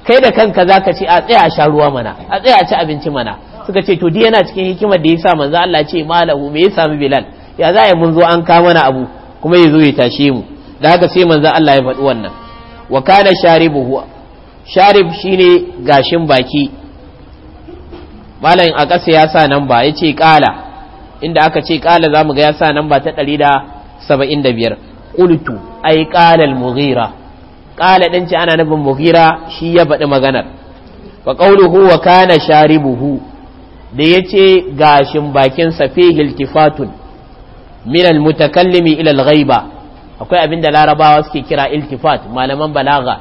kai da kanka zaka ce a tsaya a sha ruwa mana a tsaya a ci abinci mana suka ce to duk yana cikin hikimar da ya sa manzo Allah ya ce malahu me ya sami bilal ya za a yi mun zo an ka mana abu kuma ya zo ya tashe mu da haka sai manzo Allah ya faɗi wannan wa kana sharibuhu sharib shine gashin baki malamin a ƙasa ya sa nan ba ya ce inda aka ce ƙala zamu ga ya sa nan ba ta ɗari da saba'in da biyar ƙultu ai ƙalal mughira ƙala ɗin ci ana nufin mughira shi ya faɗi maganar wa ƙauluhu wa kana sharibuhu da ya ce gashin bakinsa fi hiltifatun min mutakallimi ila ghaiba akwai abin da larabawa suke kira iltifat malaman balaga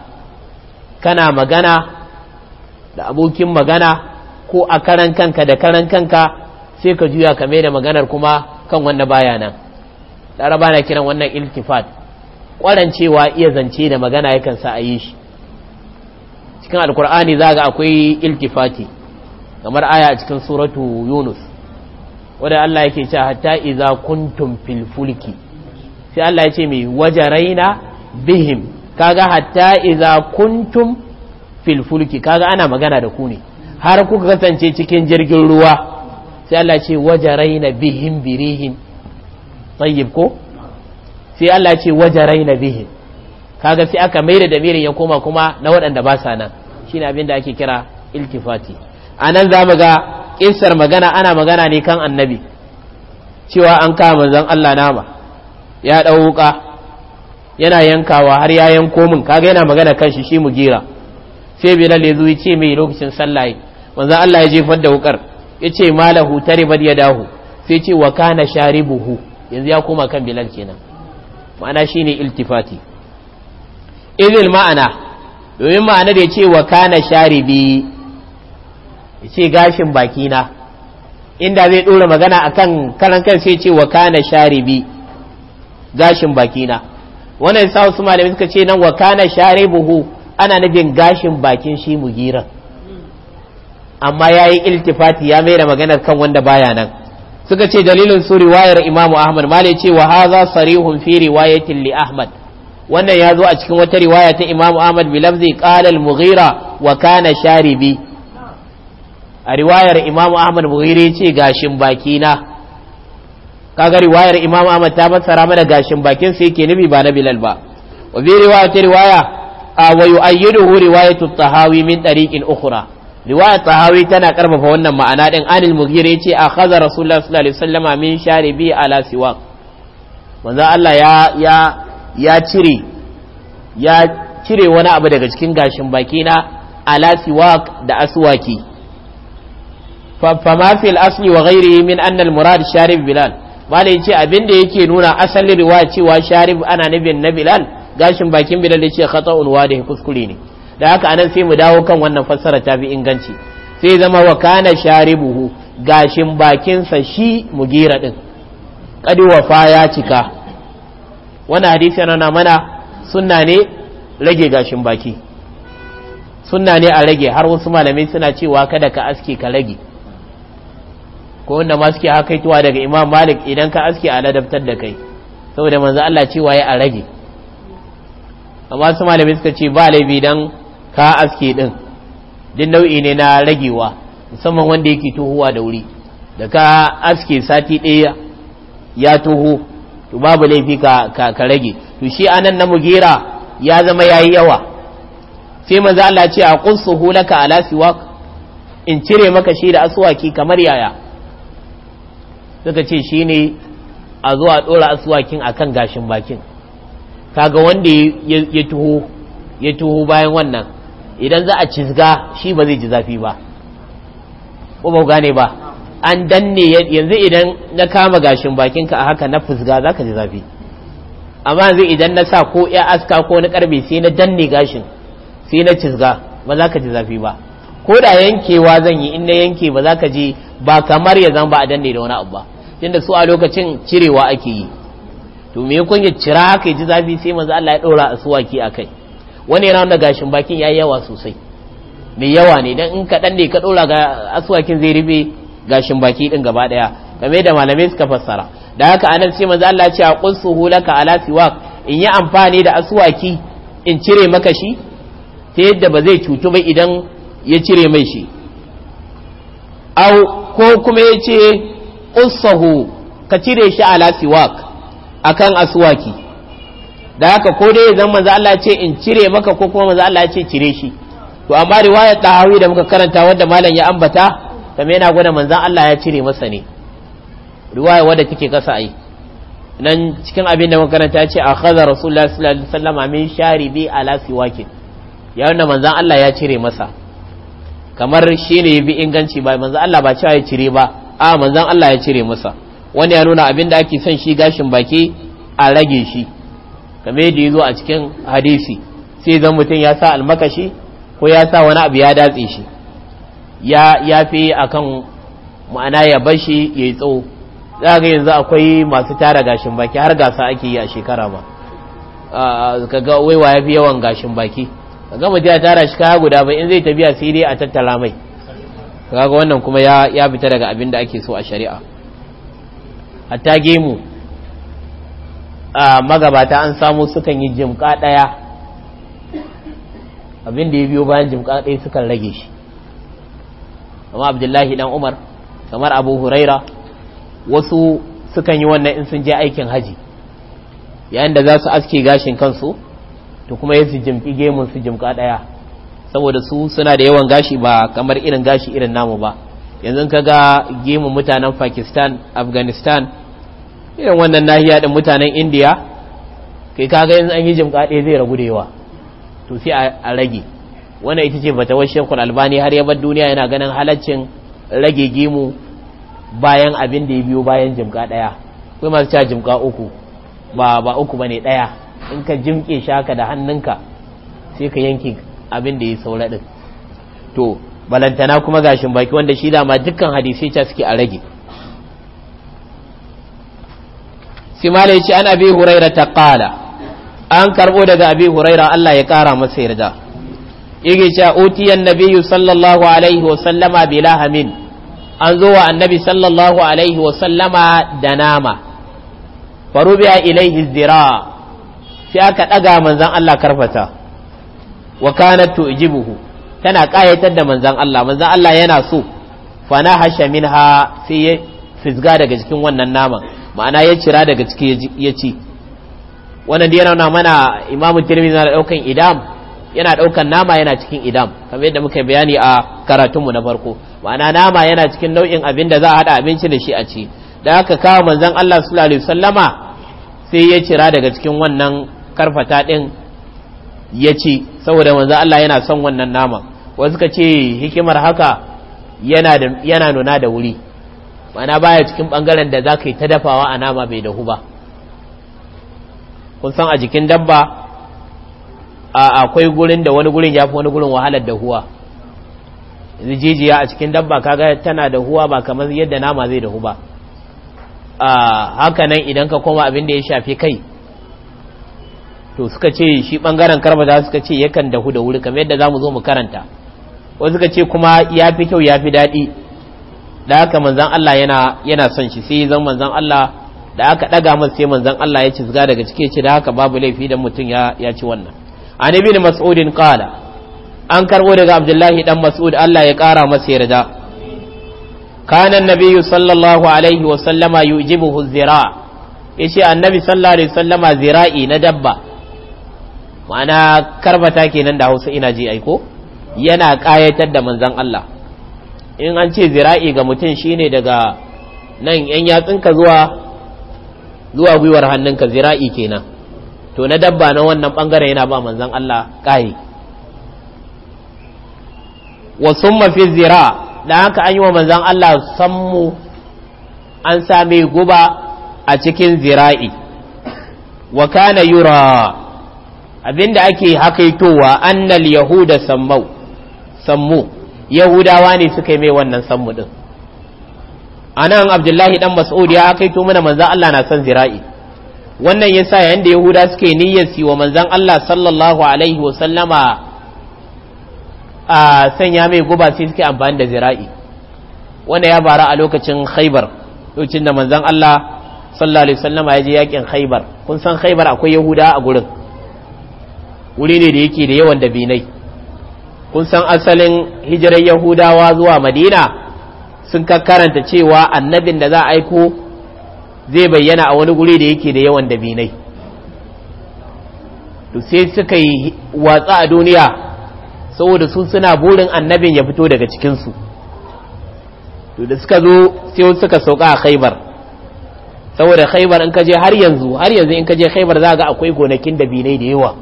kana magana da abokin magana ko a karan kanka da karan kanka sai ka juya kame da maganar kuma kan wanda baya nan laraba na kiran wannan iltifat kwarancewa iya zance da magana yakan sa a yi shi cikin alkur'ani za ga akwai iltifati kamar aya a cikin suratu yunus wadda allah yake cewa hatta iza kuntum filfulki. sai Allah ya ce mai wajaraina bihim kaga hatta iza kuntum fil fulki kaga ana magana da ku ne har kuka kasance cikin jirgin ruwa sai Allah ya ce wajaraina bihim birihin tayyib ko sai Allah ya ce wajaraina bihim kaga sai aka mai da damirin ya koma kuma na waɗanda ba sa nan shine abin da ake kira iltifati anan za mu ga kissar magana ana magana ne kan annabi cewa an kama manzon Allah nama ya ɗau wuka yana yankawa har ya yanko min kaga yana magana kan shi shi mugira sai bilal ya zo ce mai lokacin sallah manzo Allah ya jefar da wukar ya ce malahu taribad ya dahu sai ce wa kana sharibuhu yanzu ya koma kan bilal kenan ma'ana shine iltifati idil ma'ana domin ma'anar ya ce wa kana sharibi ya ce gashin bakina inda zai ɗora magana akan karan kan sai ce wa kana sharibi gashin bakina wannan sa wasu malamin suka ce nan wa kana share buhu ana nufin gashin bakin shi mugiran amma ya yi iltifati ya mai da maganar kan wanda baya nan suka ce dalilin su riwayar imamu ahmad malai ce wa haza sarihun fi riwayatin li ahmad wannan ya zo a cikin wata riwaya ta imamu ahmad bi lafzi qala al-mughira wa kana sharibi a riwayar imamu ahmad mughira ce gashin bakina na kaga riwayar imam ahmad ta fassara mana gashin bakin sai yake nufi ba na bilal ba wa bi riwayat riwaya a wa yu'ayyiduhu riwayatu tahawi min tariqin ukhra riwayat tahawi tana karfafa wannan ma'ana din anil mughir yace khaza rasulullah sallallahu alaihi wasallam min sharibi ala siwak manzo Allah ya ya ya cire ya cire wani abu daga cikin gashin baki na ala siwak da aswaki fa ma fil asli wa ghairihi min anna al murad sharib bilal malai ce abin da yake nuna asalin riwaya cewa sharif ana nabin na bilal gashin bakin bilal yace khata'un da kuskure ne da haka anan sai mu dawo kan wannan fassara ta bi inganci sai zama wa kana sharibuhu gashin bakin sa shi mugira din kadi wafa ya cika wannan hadisi yana mana sunna ne rage gashin baki sunna ne a rage har wasu malamai suna cewa kada ka aske ka rage ko wanda ma suke hakaituwa daga imam malik idan ka aske a ladabtar da kai saboda manzo Allah cewa ya a rage amma su malamai suka ce ba laifi dan ka aske din din nau'i ne na ragewa musamman wanda yake tohuwa da wuri da ka aske sati ɗaya ya tuhu to babu laifi ka ka rage to shi anan na mugira ya zama yayi yawa sai manzo Allah ce a qussuhu laka ala siwak in cire maka shi da aswaki kamar yaya suka ce shi ne a zuwa ɗora asuwakin a kan gashin bakin kaga wanda ya tuho bayan wannan idan za a cizga shi ba zai ji zafi ba ko ba gane ba an danne yanzu idan na kama gashin bakinka a haka na fusga za ka ji zafi amma yanzu idan na sa ko ya aska ko na karbe sai na danne gashin sai na cizga ba za ka ji zafi ba ko da yankewa zan yi in na yanke ba za ka je ba kamar ya zan ba a danne da wani abu ba tunda su a lokacin cirewa ake yi to me kun ya cira haka ji zafi sai manzo Allah ya daura asuwaki akai wani yana da gashin bakin yayi yawa sosai mai yawa ne dan in ka danne ka daura ga asuwakin zai rufe gashin baki din gaba daya game da malamai suka fassara da haka anan sai manzo Allah ya ce aqusuhu laka ala siwak in yi amfani da asuwaki in cire maka shi ta yadda ba zai cutu ba idan ya cire mai shi au ko kuma ya ce usahu ka cire shi ala siwak akan aswaki da haka ko dai zan manzo Allah ce in cire maka ko kuma manzo Allah ce cire shi to amma riwayar tahawi da muka karanta wanda malam ya ambata me yana gwada manzo Allah ya cire masa ne riwaya wanda kike kasa ai nan cikin abin da muka karanta ce a khadha rasulullahi sallallahu alaihi wasallam min sharibi ala siwakin ya wanda manzo Allah ya cire masa kamar shi ne bi inganci ba manzan Allah ba cewa ya cire ba a manzon Allah ya cire masa wani ya nuna abin da ake son shi gashin baki a rage shi kamar yadda ya a cikin hadisi sai zan mutum ya sa almakashi ko ya sa wani abu ya datse shi ya ya akan ma'ana ya bar shi ya yi tsawo za ga yanzu akwai masu tara gashin baki har gasa ake yi a shekara ba kaga waiwa ya fi yawan gashin baki ga mutum ya tara shi kaya guda ba in zai tafiya sai dai a tattala mai kaga wannan kuma ya ya fita daga abin da ake so a shari'a hatta gemu a magabata an samu sukan yi jimka daya abin da ya biyo bayan jimka daya sukan rage shi amma abdullahi dan umar kamar abu huraira wasu sukan yi wannan in sun je aikin haji yayin da za su aske gashin kansu to kuma yin su jimki gemun su jimka daya saboda su suna da yawan gashi ba kamar irin gashi irin namu ba yanzu ka ga gemun mutanen pakistan afghanistan irin wannan nahiya din mutanen indiya kai kaga yanzu an yi jimka daya zai ragu da yawa to sai a rage wannan ita ce bata fatawar shekul albani har ya duniya yana ganin halaccin rage gemu bayan abin da ya biyo bayan jimka daya kuma masu cewa jimka uku ba ba uku bane daya in ka jimke shaka da hannunka sai ka yanke abin da ya saura din to balantana kuma gashin baki wanda shi dama dukkan hadisi ta suke a rage sai mala yace ana bi huraira ta qala an karbo daga abi huraira Allah ya kara masa yarda yake cewa utiyan nabiyyu sallallahu alaihi wa sallama bilahamin an zo wa annabi sallallahu alaihi wa sallama da nama farubiya ilaihi zira sai aka ɗaga manzan Allah karfata wa kanat ijibuhu tana ƙayatar da manzan Allah manzan Allah yana so fa na hasha minha sai ya fisga daga cikin wannan nama ma'ana ya cira daga ciki ya ci wannan da yana mana imamu tirmidhi na daukan idam yana daukan nama yana cikin idam kamar yadda muka bayani a karatunmu na farko ma'ana nama yana cikin nau'in abin da za a hada abinci da shi a ci da aka kawo manzan Allah sallallahu alaihi wasallama sai ya cira daga cikin wannan karfata ɗin ya ce saboda manzo Allah yana son wannan nama wasu ka ce hikimar haka yana nuna da wuri mana baya cikin bangaren da za ka yi ta dafawa a nama bai dahu ba kun san a jikin dabba akwai gurin da wani gurin ya fi wani gurin wahalar dahuwa jijiya a cikin dabba kaga tana dahuwa ba kamar yadda nama zai dahu ba haka nan idan ka koma abin da ya shafi kai to suka ce shi bangaren karbata suka ce yakan dahu da wuri kamar yadda za mu zo mu karanta wasu suka ce kuma ya fi kyau ya fi daɗi da haka manzan Allah yana son shi sai zan manzan Allah da aka ɗaga masa sai manzan Allah ya ci zuga daga cike ce da haka babu laifi dan mutum ya ci wannan an ibn mas'udin qala an karbo daga abdullahi dan mas'ud Allah ya kara masa yarda kana nabi sallallahu alaihi wa sallama yujibuhu zira yace annabi sallallahu alaihi sallama zira'i na dabba ma'ana karbata kenan da hausa ina ji aiko yana kayatar da manzan Allah in an ce zira'i ga mutum shine daga nan yan yatsinka zuwa zuwa gwiwar hannunka zira'i kenan to na dabba na wannan bangaren yana ba manzan Allah ƙayi summa mafi zira da haka an yi wa manzan Allah sammu an same guba a cikin zira'i wa kana yura Abin da ake hakaitowa annal yahuda sammau sammu yahudawa ne suka yi mai wannan sammu din anan abdullahi dan mas'ud ya hakaito mana manzon Allah na san zira'i wannan yasa yayin da yahuda suke niyyar si wa manzon Allah sallallahu alaihi wa sallama a sanya mai guba sai suke amfani da zira'i wanda ya bara a lokacin khaybar lokacin da manzon Allah sallallahu alaihi wa sallama ya je yakin khaybar kun san khaybar akwai yahuda a gurin wuri ne da yake da yawan dabinai kun san asalin hijirar yahudawa zuwa madina sun karanta cewa annabin da za a aiko zai bayyana a wani guri da yake da yawan dabinai to sai suka yi watsa a duniya saboda sun suna burin annabin ya fito daga cikinsu to da suka zo sai suka sauka a khaibar saboda khaibar in ka je har yanzu har yanzu in ka je khaibar za ga akwai gonakin dabinai da yawa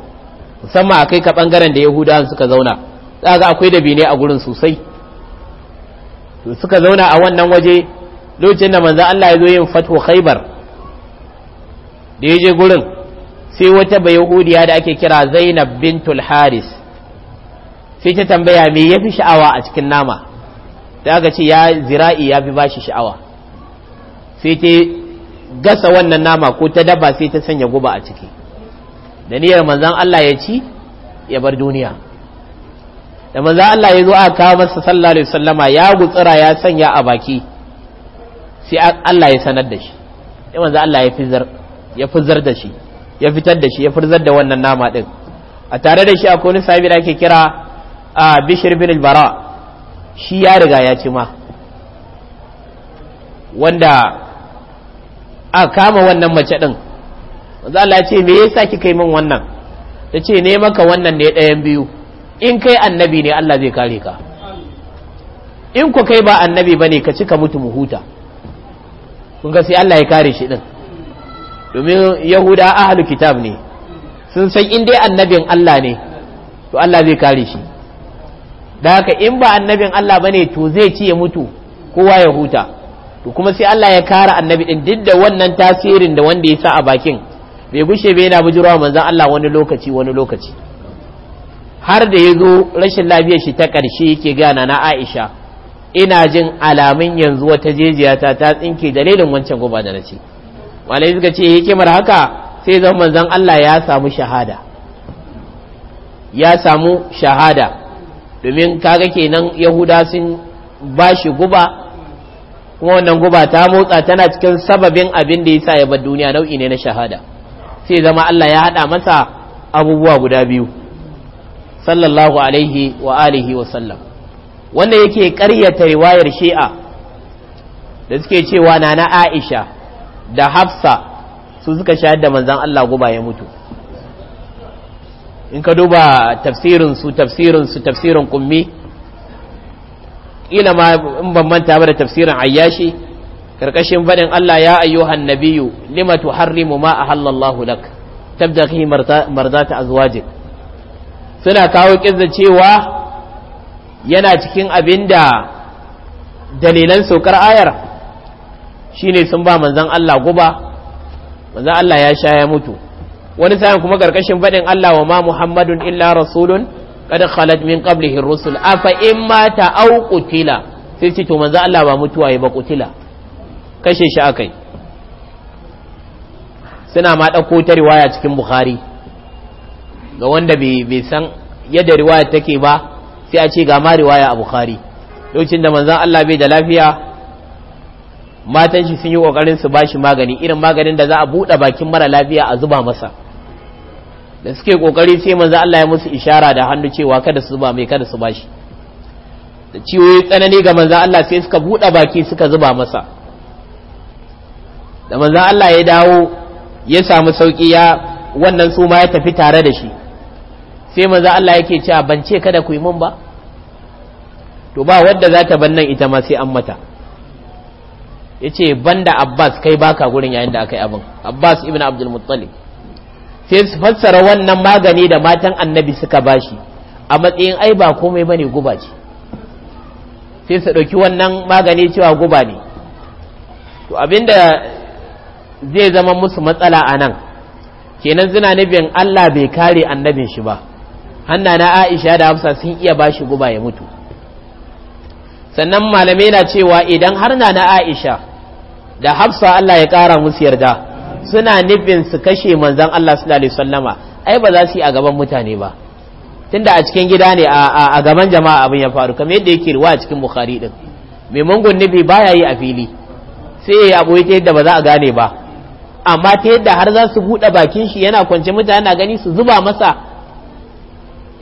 musamman a kai ka ɓangaren da yahudawan suka zauna za ga akwai da bine a gurin sosai suka zauna a wannan waje lokacin da manzan Allah ya zo yin fatho khaybar da ya je gurin sai wata bai yahudiya da ake kira zainab bintul haris sai ta tambaya me ya fi sha'awa a cikin nama da aka ce ya zira'i ya fi bashi sha'awa sai ta gasa wannan nama ko ta daba sai ta sanya guba a ciki da niyyar manzan Allah ya ci ya bar duniya da manzan Allah ya zo a kawo masa sallallahu alaihi wasallama ya gutsira ya sanya a baki sai Allah ya sanar da shi sai manzan Allah ya fizar ya fizar da shi ya fitar da shi ya furzar da wannan nama din a tare da shi akwai wani sahibi da ake kira a Bishir bin al-Bara shi ya riga ya ci ma wanda a kama wannan mace din manzo Allah ya ce me yasa kika yi min wannan ta ce ne maka wannan ne ɗayan biyu in kai annabi ne Allah zai kare ka in ku kai ba annabi ne ka cika mutu mu huta kun ga sai Allah ya kare shi din domin yahuda ahalu kitab ne sun san in dai annabin Allah ne to Allah zai kare shi da haka in ba annabin Allah ne to zai ci ya mutu kowa ya huta to kuma sai Allah ya kara annabi din duk da wannan tasirin da wanda ya sa a bakin bai gushe bai yana bujirwa manzan Allah wani lokaci wani lokaci har da ya zo rashin lafiyar shi ta ƙarshe yake gana na Aisha ina jin alamun yanzu wata jejiya ta tsinke dalilin wancan guba da nace malai suka ce hikimar haka sai zan manzan Allah ya samu shahada ya samu shahada domin kaga kenan yahuda sun bashi guba kuma wannan guba ta motsa tana cikin sababin abin da ya sa ya bar duniya nau'i ne na shahada sai zama Allah ya haɗa masa abubuwa guda biyu sallallahu alaihi wa alihi wa sallam wanda yake ƙaryata riwayar shi'a da suke cewa nana aisha da hafsa su suka shayar da manzan Allah guba ya mutu in ka duba tafsirinsu tafsirinsu tafsirin kummi ƙila ma in ban manta ba da tafsirin ayyashi karkashin fadin Allah ya ayyuhan nabiyyu lima tuharrimu ma ahallallahu lak tabtaghi marzata azwajik suna kawo kizza cewa yana cikin abinda dalilan saukar ayar shine sun ba manzon Allah guba manzon Allah ya sha ya mutu wani sa'in kuma karkashin badin Allah wa ma Muhammadun illa rasulun kada khalat min qablihi rusul afa in mata aw qutila sai ce to manzo Allah ba mutuwa ba kutila. kashe shi a kai suna ma ɗauko ta riwaya cikin bukhari ga wanda bai san yadda riwaya take ba sai a ce ga ma riwaya a bukhari lokacin da manzan Allah bai da lafiya matan shi sun yi ƙoƙarin su ba shi magani irin maganin da za a buɗe bakin mara lafiya a zuba masa da suke ƙoƙari sai manzan Allah ya musu ishara da hannu cewa kada su zuba mai kada su ba shi da ciwo ya tsanani ga manzan Allah sai suka buɗe baki suka zuba masa da manzon Allah ya dawo ya samu sauki ya wannan su ma ya tafi tare da shi sai manzon Allah yake cewa ban ce kada ku yi mun ba to ba wadda za ta bannan ita ma sai an mata yace banda Abbas kai baka gurin yayin da aka yi abin Abbas ibn Abdul Muttalib sai su fassara wannan magani da matan annabi suka bashi a matsayin ai ba komai bane guba ce sai su ɗauki wannan magani cewa guba ne to abinda zai zama musu matsala a nan kenan zina nabin Allah bai kare annabin shi ba hanna na aisha da hafsa sun iya ba shi guba ya mutu sannan malamai na cewa idan har na na aisha da hafsa Allah ya kara musu yarda suna nufin su kashe manzan Allah suna lalai sallama ai ba za su yi a gaban mutane ba tunda a cikin gida ne a gaban jama'a abin ya faru kamar yadda yake ruwa a cikin bukhari ɗin mai mungun nufi baya yi a fili sai ya yi ta yadda ba za a gane ba amma ta yadda har za su buɗe bakin shi yana kwance mutane na gani su zuba masa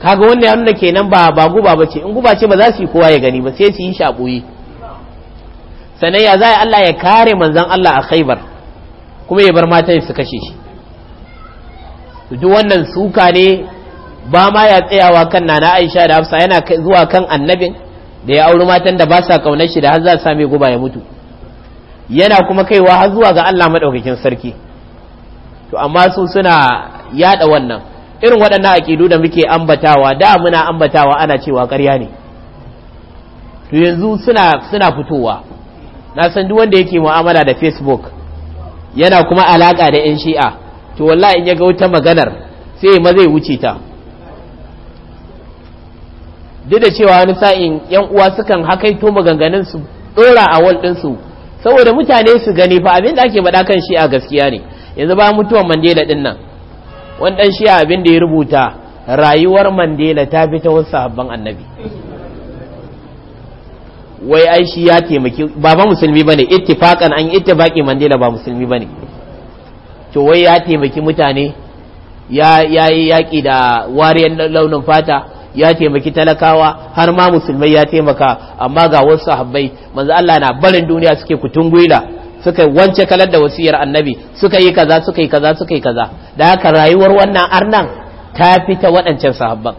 kaga wannan ya nuna kenan ba ba guba ba ce in guba ce ba za su yi kowa ya gani ba sai su yi shaƙoyi sannan ya za Allah ya kare manzan Allah a khaibar kuma ya bar matan su kashe shi duk wannan suka ne ba ma ya tsayawa kan nana Aisha da Hafsa yana zuwa kan annabin da ya auri matan da ba sa kaunar shi da har za su same guba ya mutu yana kuma kaiwa har zuwa ga Allah madaukakin sarki to amma su suna yada wannan irin waɗannan aƙidu da muke ambatawa da muna ambatawa ana cewa ƙarya ne to yanzu suna suna fitowa na san duk wanda yake mu'amala da Facebook yana kuma alaka da 'yan shi'a to wallahi in ya ga wata maganar sai ma zai wuce ta duk da cewa wani sa'in 'yan uwa sukan hakaito maganganun su dora a wal ɗinsu saboda mutane su gani fa abin da ake baɗa kan shi a gaskiya ne yanzu ba mutuwan mandela din nan wani ɗan shi abin da ya rubuta rayuwar mandela ta fi ta wasu sahabban annabi wai ai shi ya taimaki ba ba musulmi bane ittifaqan an ittifaqi mandela ba musulmi bane to wai ya taimaki mutane ya yi yaki da wariyar launin fata ya taimaki talakawa har ma musulmai ya taimaka amma ga wasu sahabbai manzo Allah na barin duniya suke kutungwila suka wance kalar da wasiyar annabi suka yi kaza suka yi kaza suka yi kaza da haka rayuwar wannan arnan ta fita waɗancan sahabban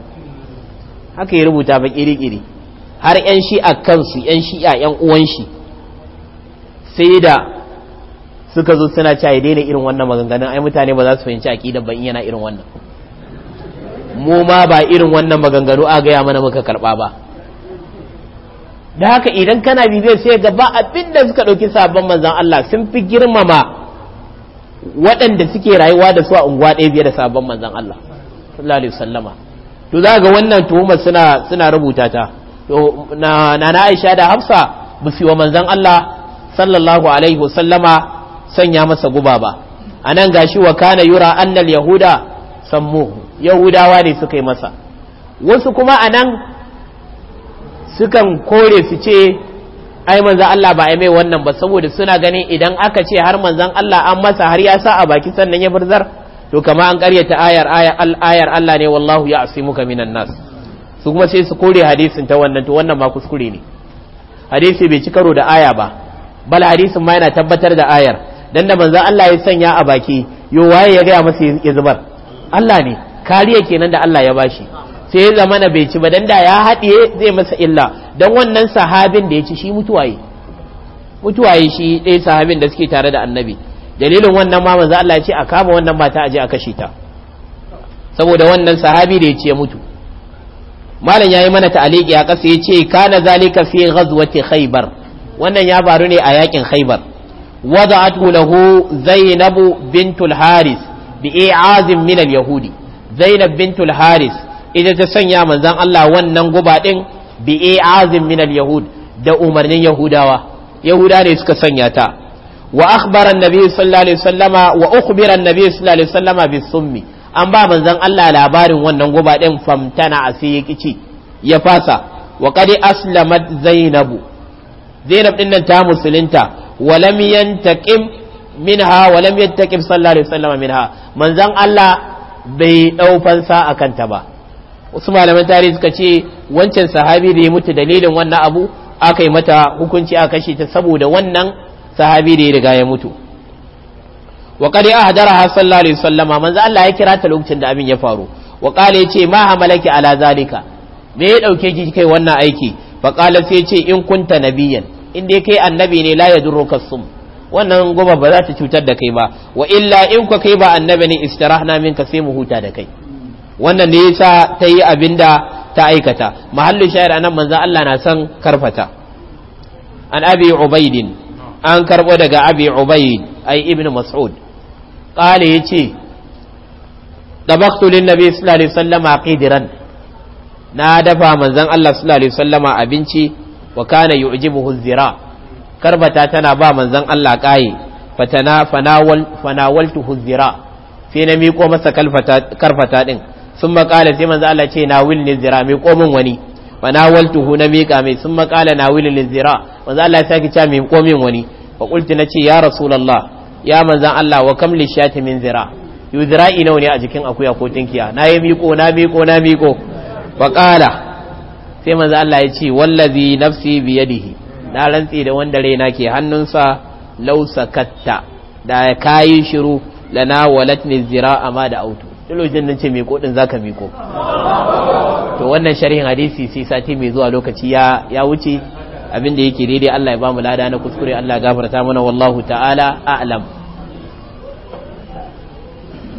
haka ya rubuta ba kiri-kiri har yan a kansu yan a yan uwan shi sai da suka zo suna cewa ya daina irin wannan maganganun ai mutane ba za su fahimci aqidar in yana irin wannan mu ma ba irin wannan maganganu a gaya mana muka karɓa ba da haka idan kana bibiyar sai ga ba abin da suka ɗauki sabon manzan Allah sun fi girmama waɗanda suke rayuwa da su a unguwa ɗaya biye da sabon manzan Allah sallallahu alaihi wasallama to za ga wannan tuhuma suna suna rubuta ta to na na Aisha da Hafsa ba su yi wa manzan Allah sallallahu alaihi wasallama sanya masa guba ba anan gashi wa kana yura annal yahuda sammuhu yahudawa ne suka yi masa wasu kuma a nan sukan kore su ce ai manzan Allah ba a mai wannan ba saboda suna ganin idan aka ce har manzan Allah an masa har ya sa a baki sannan ya farzar to kama an karyata ayar ayar Allah ne wallahu ya muka minan nas su kuma sai su kore hadisin ta wannan to wannan ma kuskure ne hadisi bai ci karo da aya ba bal hadisin ma yana tabbatar da ayar dan da manzan Allah ya sanya a baki yo waye ya gaya masa ya zubar Allah ne kariya kenan da Allah ya bashi sai ya zama na bai ci ba dan da ya haɗiye zai masa illa don wannan sahabin da ya ci shi mutuwaye mutuwaye shi ɗaya sahabin da suke tare da annabi dalilin wannan ma manzo Allah ya ce a kama wannan mata aje a kashe ta saboda wannan sahabi da ya ci ya mutu malam yayi mana ta'aliki a kasa yace kana zalika fi ghazwati khaybar wannan ya faru ne a yakin khaybar wada'atu lahu zainabu bintul haris bi i'azim min al-yahudi zainab bintul haris ita ta sanya manzan Allah wannan guba din bi azim min yahud da umarnin yahudawa yahuda ne suka sanya ta wa akhbara annabi sallallahu alaihi wasallama wa ukhbira annabi sallallahu alaihi wasallama summi an ba manzan Allah labarin wannan guba din famtana asi yakici ya fasa wa qad aslamat zainabu zainab din nan ta musulunta wa lam yantaqim minha wa lam yattaqib sallallahu alaihi wasallama minha manzan Allah bai ɗau fansa a kanta ba wasu malaman tarihi suka ce wancan sahabi da ya mutu dalilin wannan abu aka yi mata hukunci a kashe ta saboda wannan sahabi da ya riga ya mutu wa hadara ahdaraha sallallahu alaihi wasallama manzo Allah ya kira ta lokacin da abin ya faru wa ya ce ma hamalaki ala zalika me ya dauke ki kai wannan aiki fa sai yace in kunta nabiyan in dai kai annabi ne la yadurruka sum wannan guba ba za ta cutar da kai ba wa illa in ka kai ba annabi ne istirahna ka sai mu huta da kai wannan ne yasa ta yi abinda ta aikata mahallin shayar anan manzo Allah na san karfata an abi ubaidin an karbo daga abi ubaid ai ibnu mas'ud qala yace dabaqtu lin nabi sallallahu alaihi wasallama qidran na dafa manzon Allah sallallahu alaihi wasallama abinci wa kana yu'jibuhu zira' karbata tana ba manzon Allah kayi fatana fanawal fanawaltu huzira sai na miƙo masa kalfata karfata din sun makala sai manzon Allah ce na wil ne zira mai komin wani fanawaltuhu na miƙa mai sun makala na wil ne zira manzon Allah ya saki ce mai komin wani fa qulti na ce ya rasulullah ya manzon Allah wa kam lishati min zira yu nawa ne a jikin akuya ko tinkiya na yi miƙo na miƙo na miƙo fa qala sai manzon Allah ya ce wallazi nafsi biyadihi na rantsi da wanda na ke hannunsa lausa katta da ya kayi shiru lana walat ne zira ma da auto dalojin nan ce miko din zaka miko to wannan sharhin hadisi sai sati mai zuwa lokaci ya wuce wuce abinda yake daidai Allah ya bamu lada na kuskure Allah ya gafarta mana wallahu ta'ala a'lam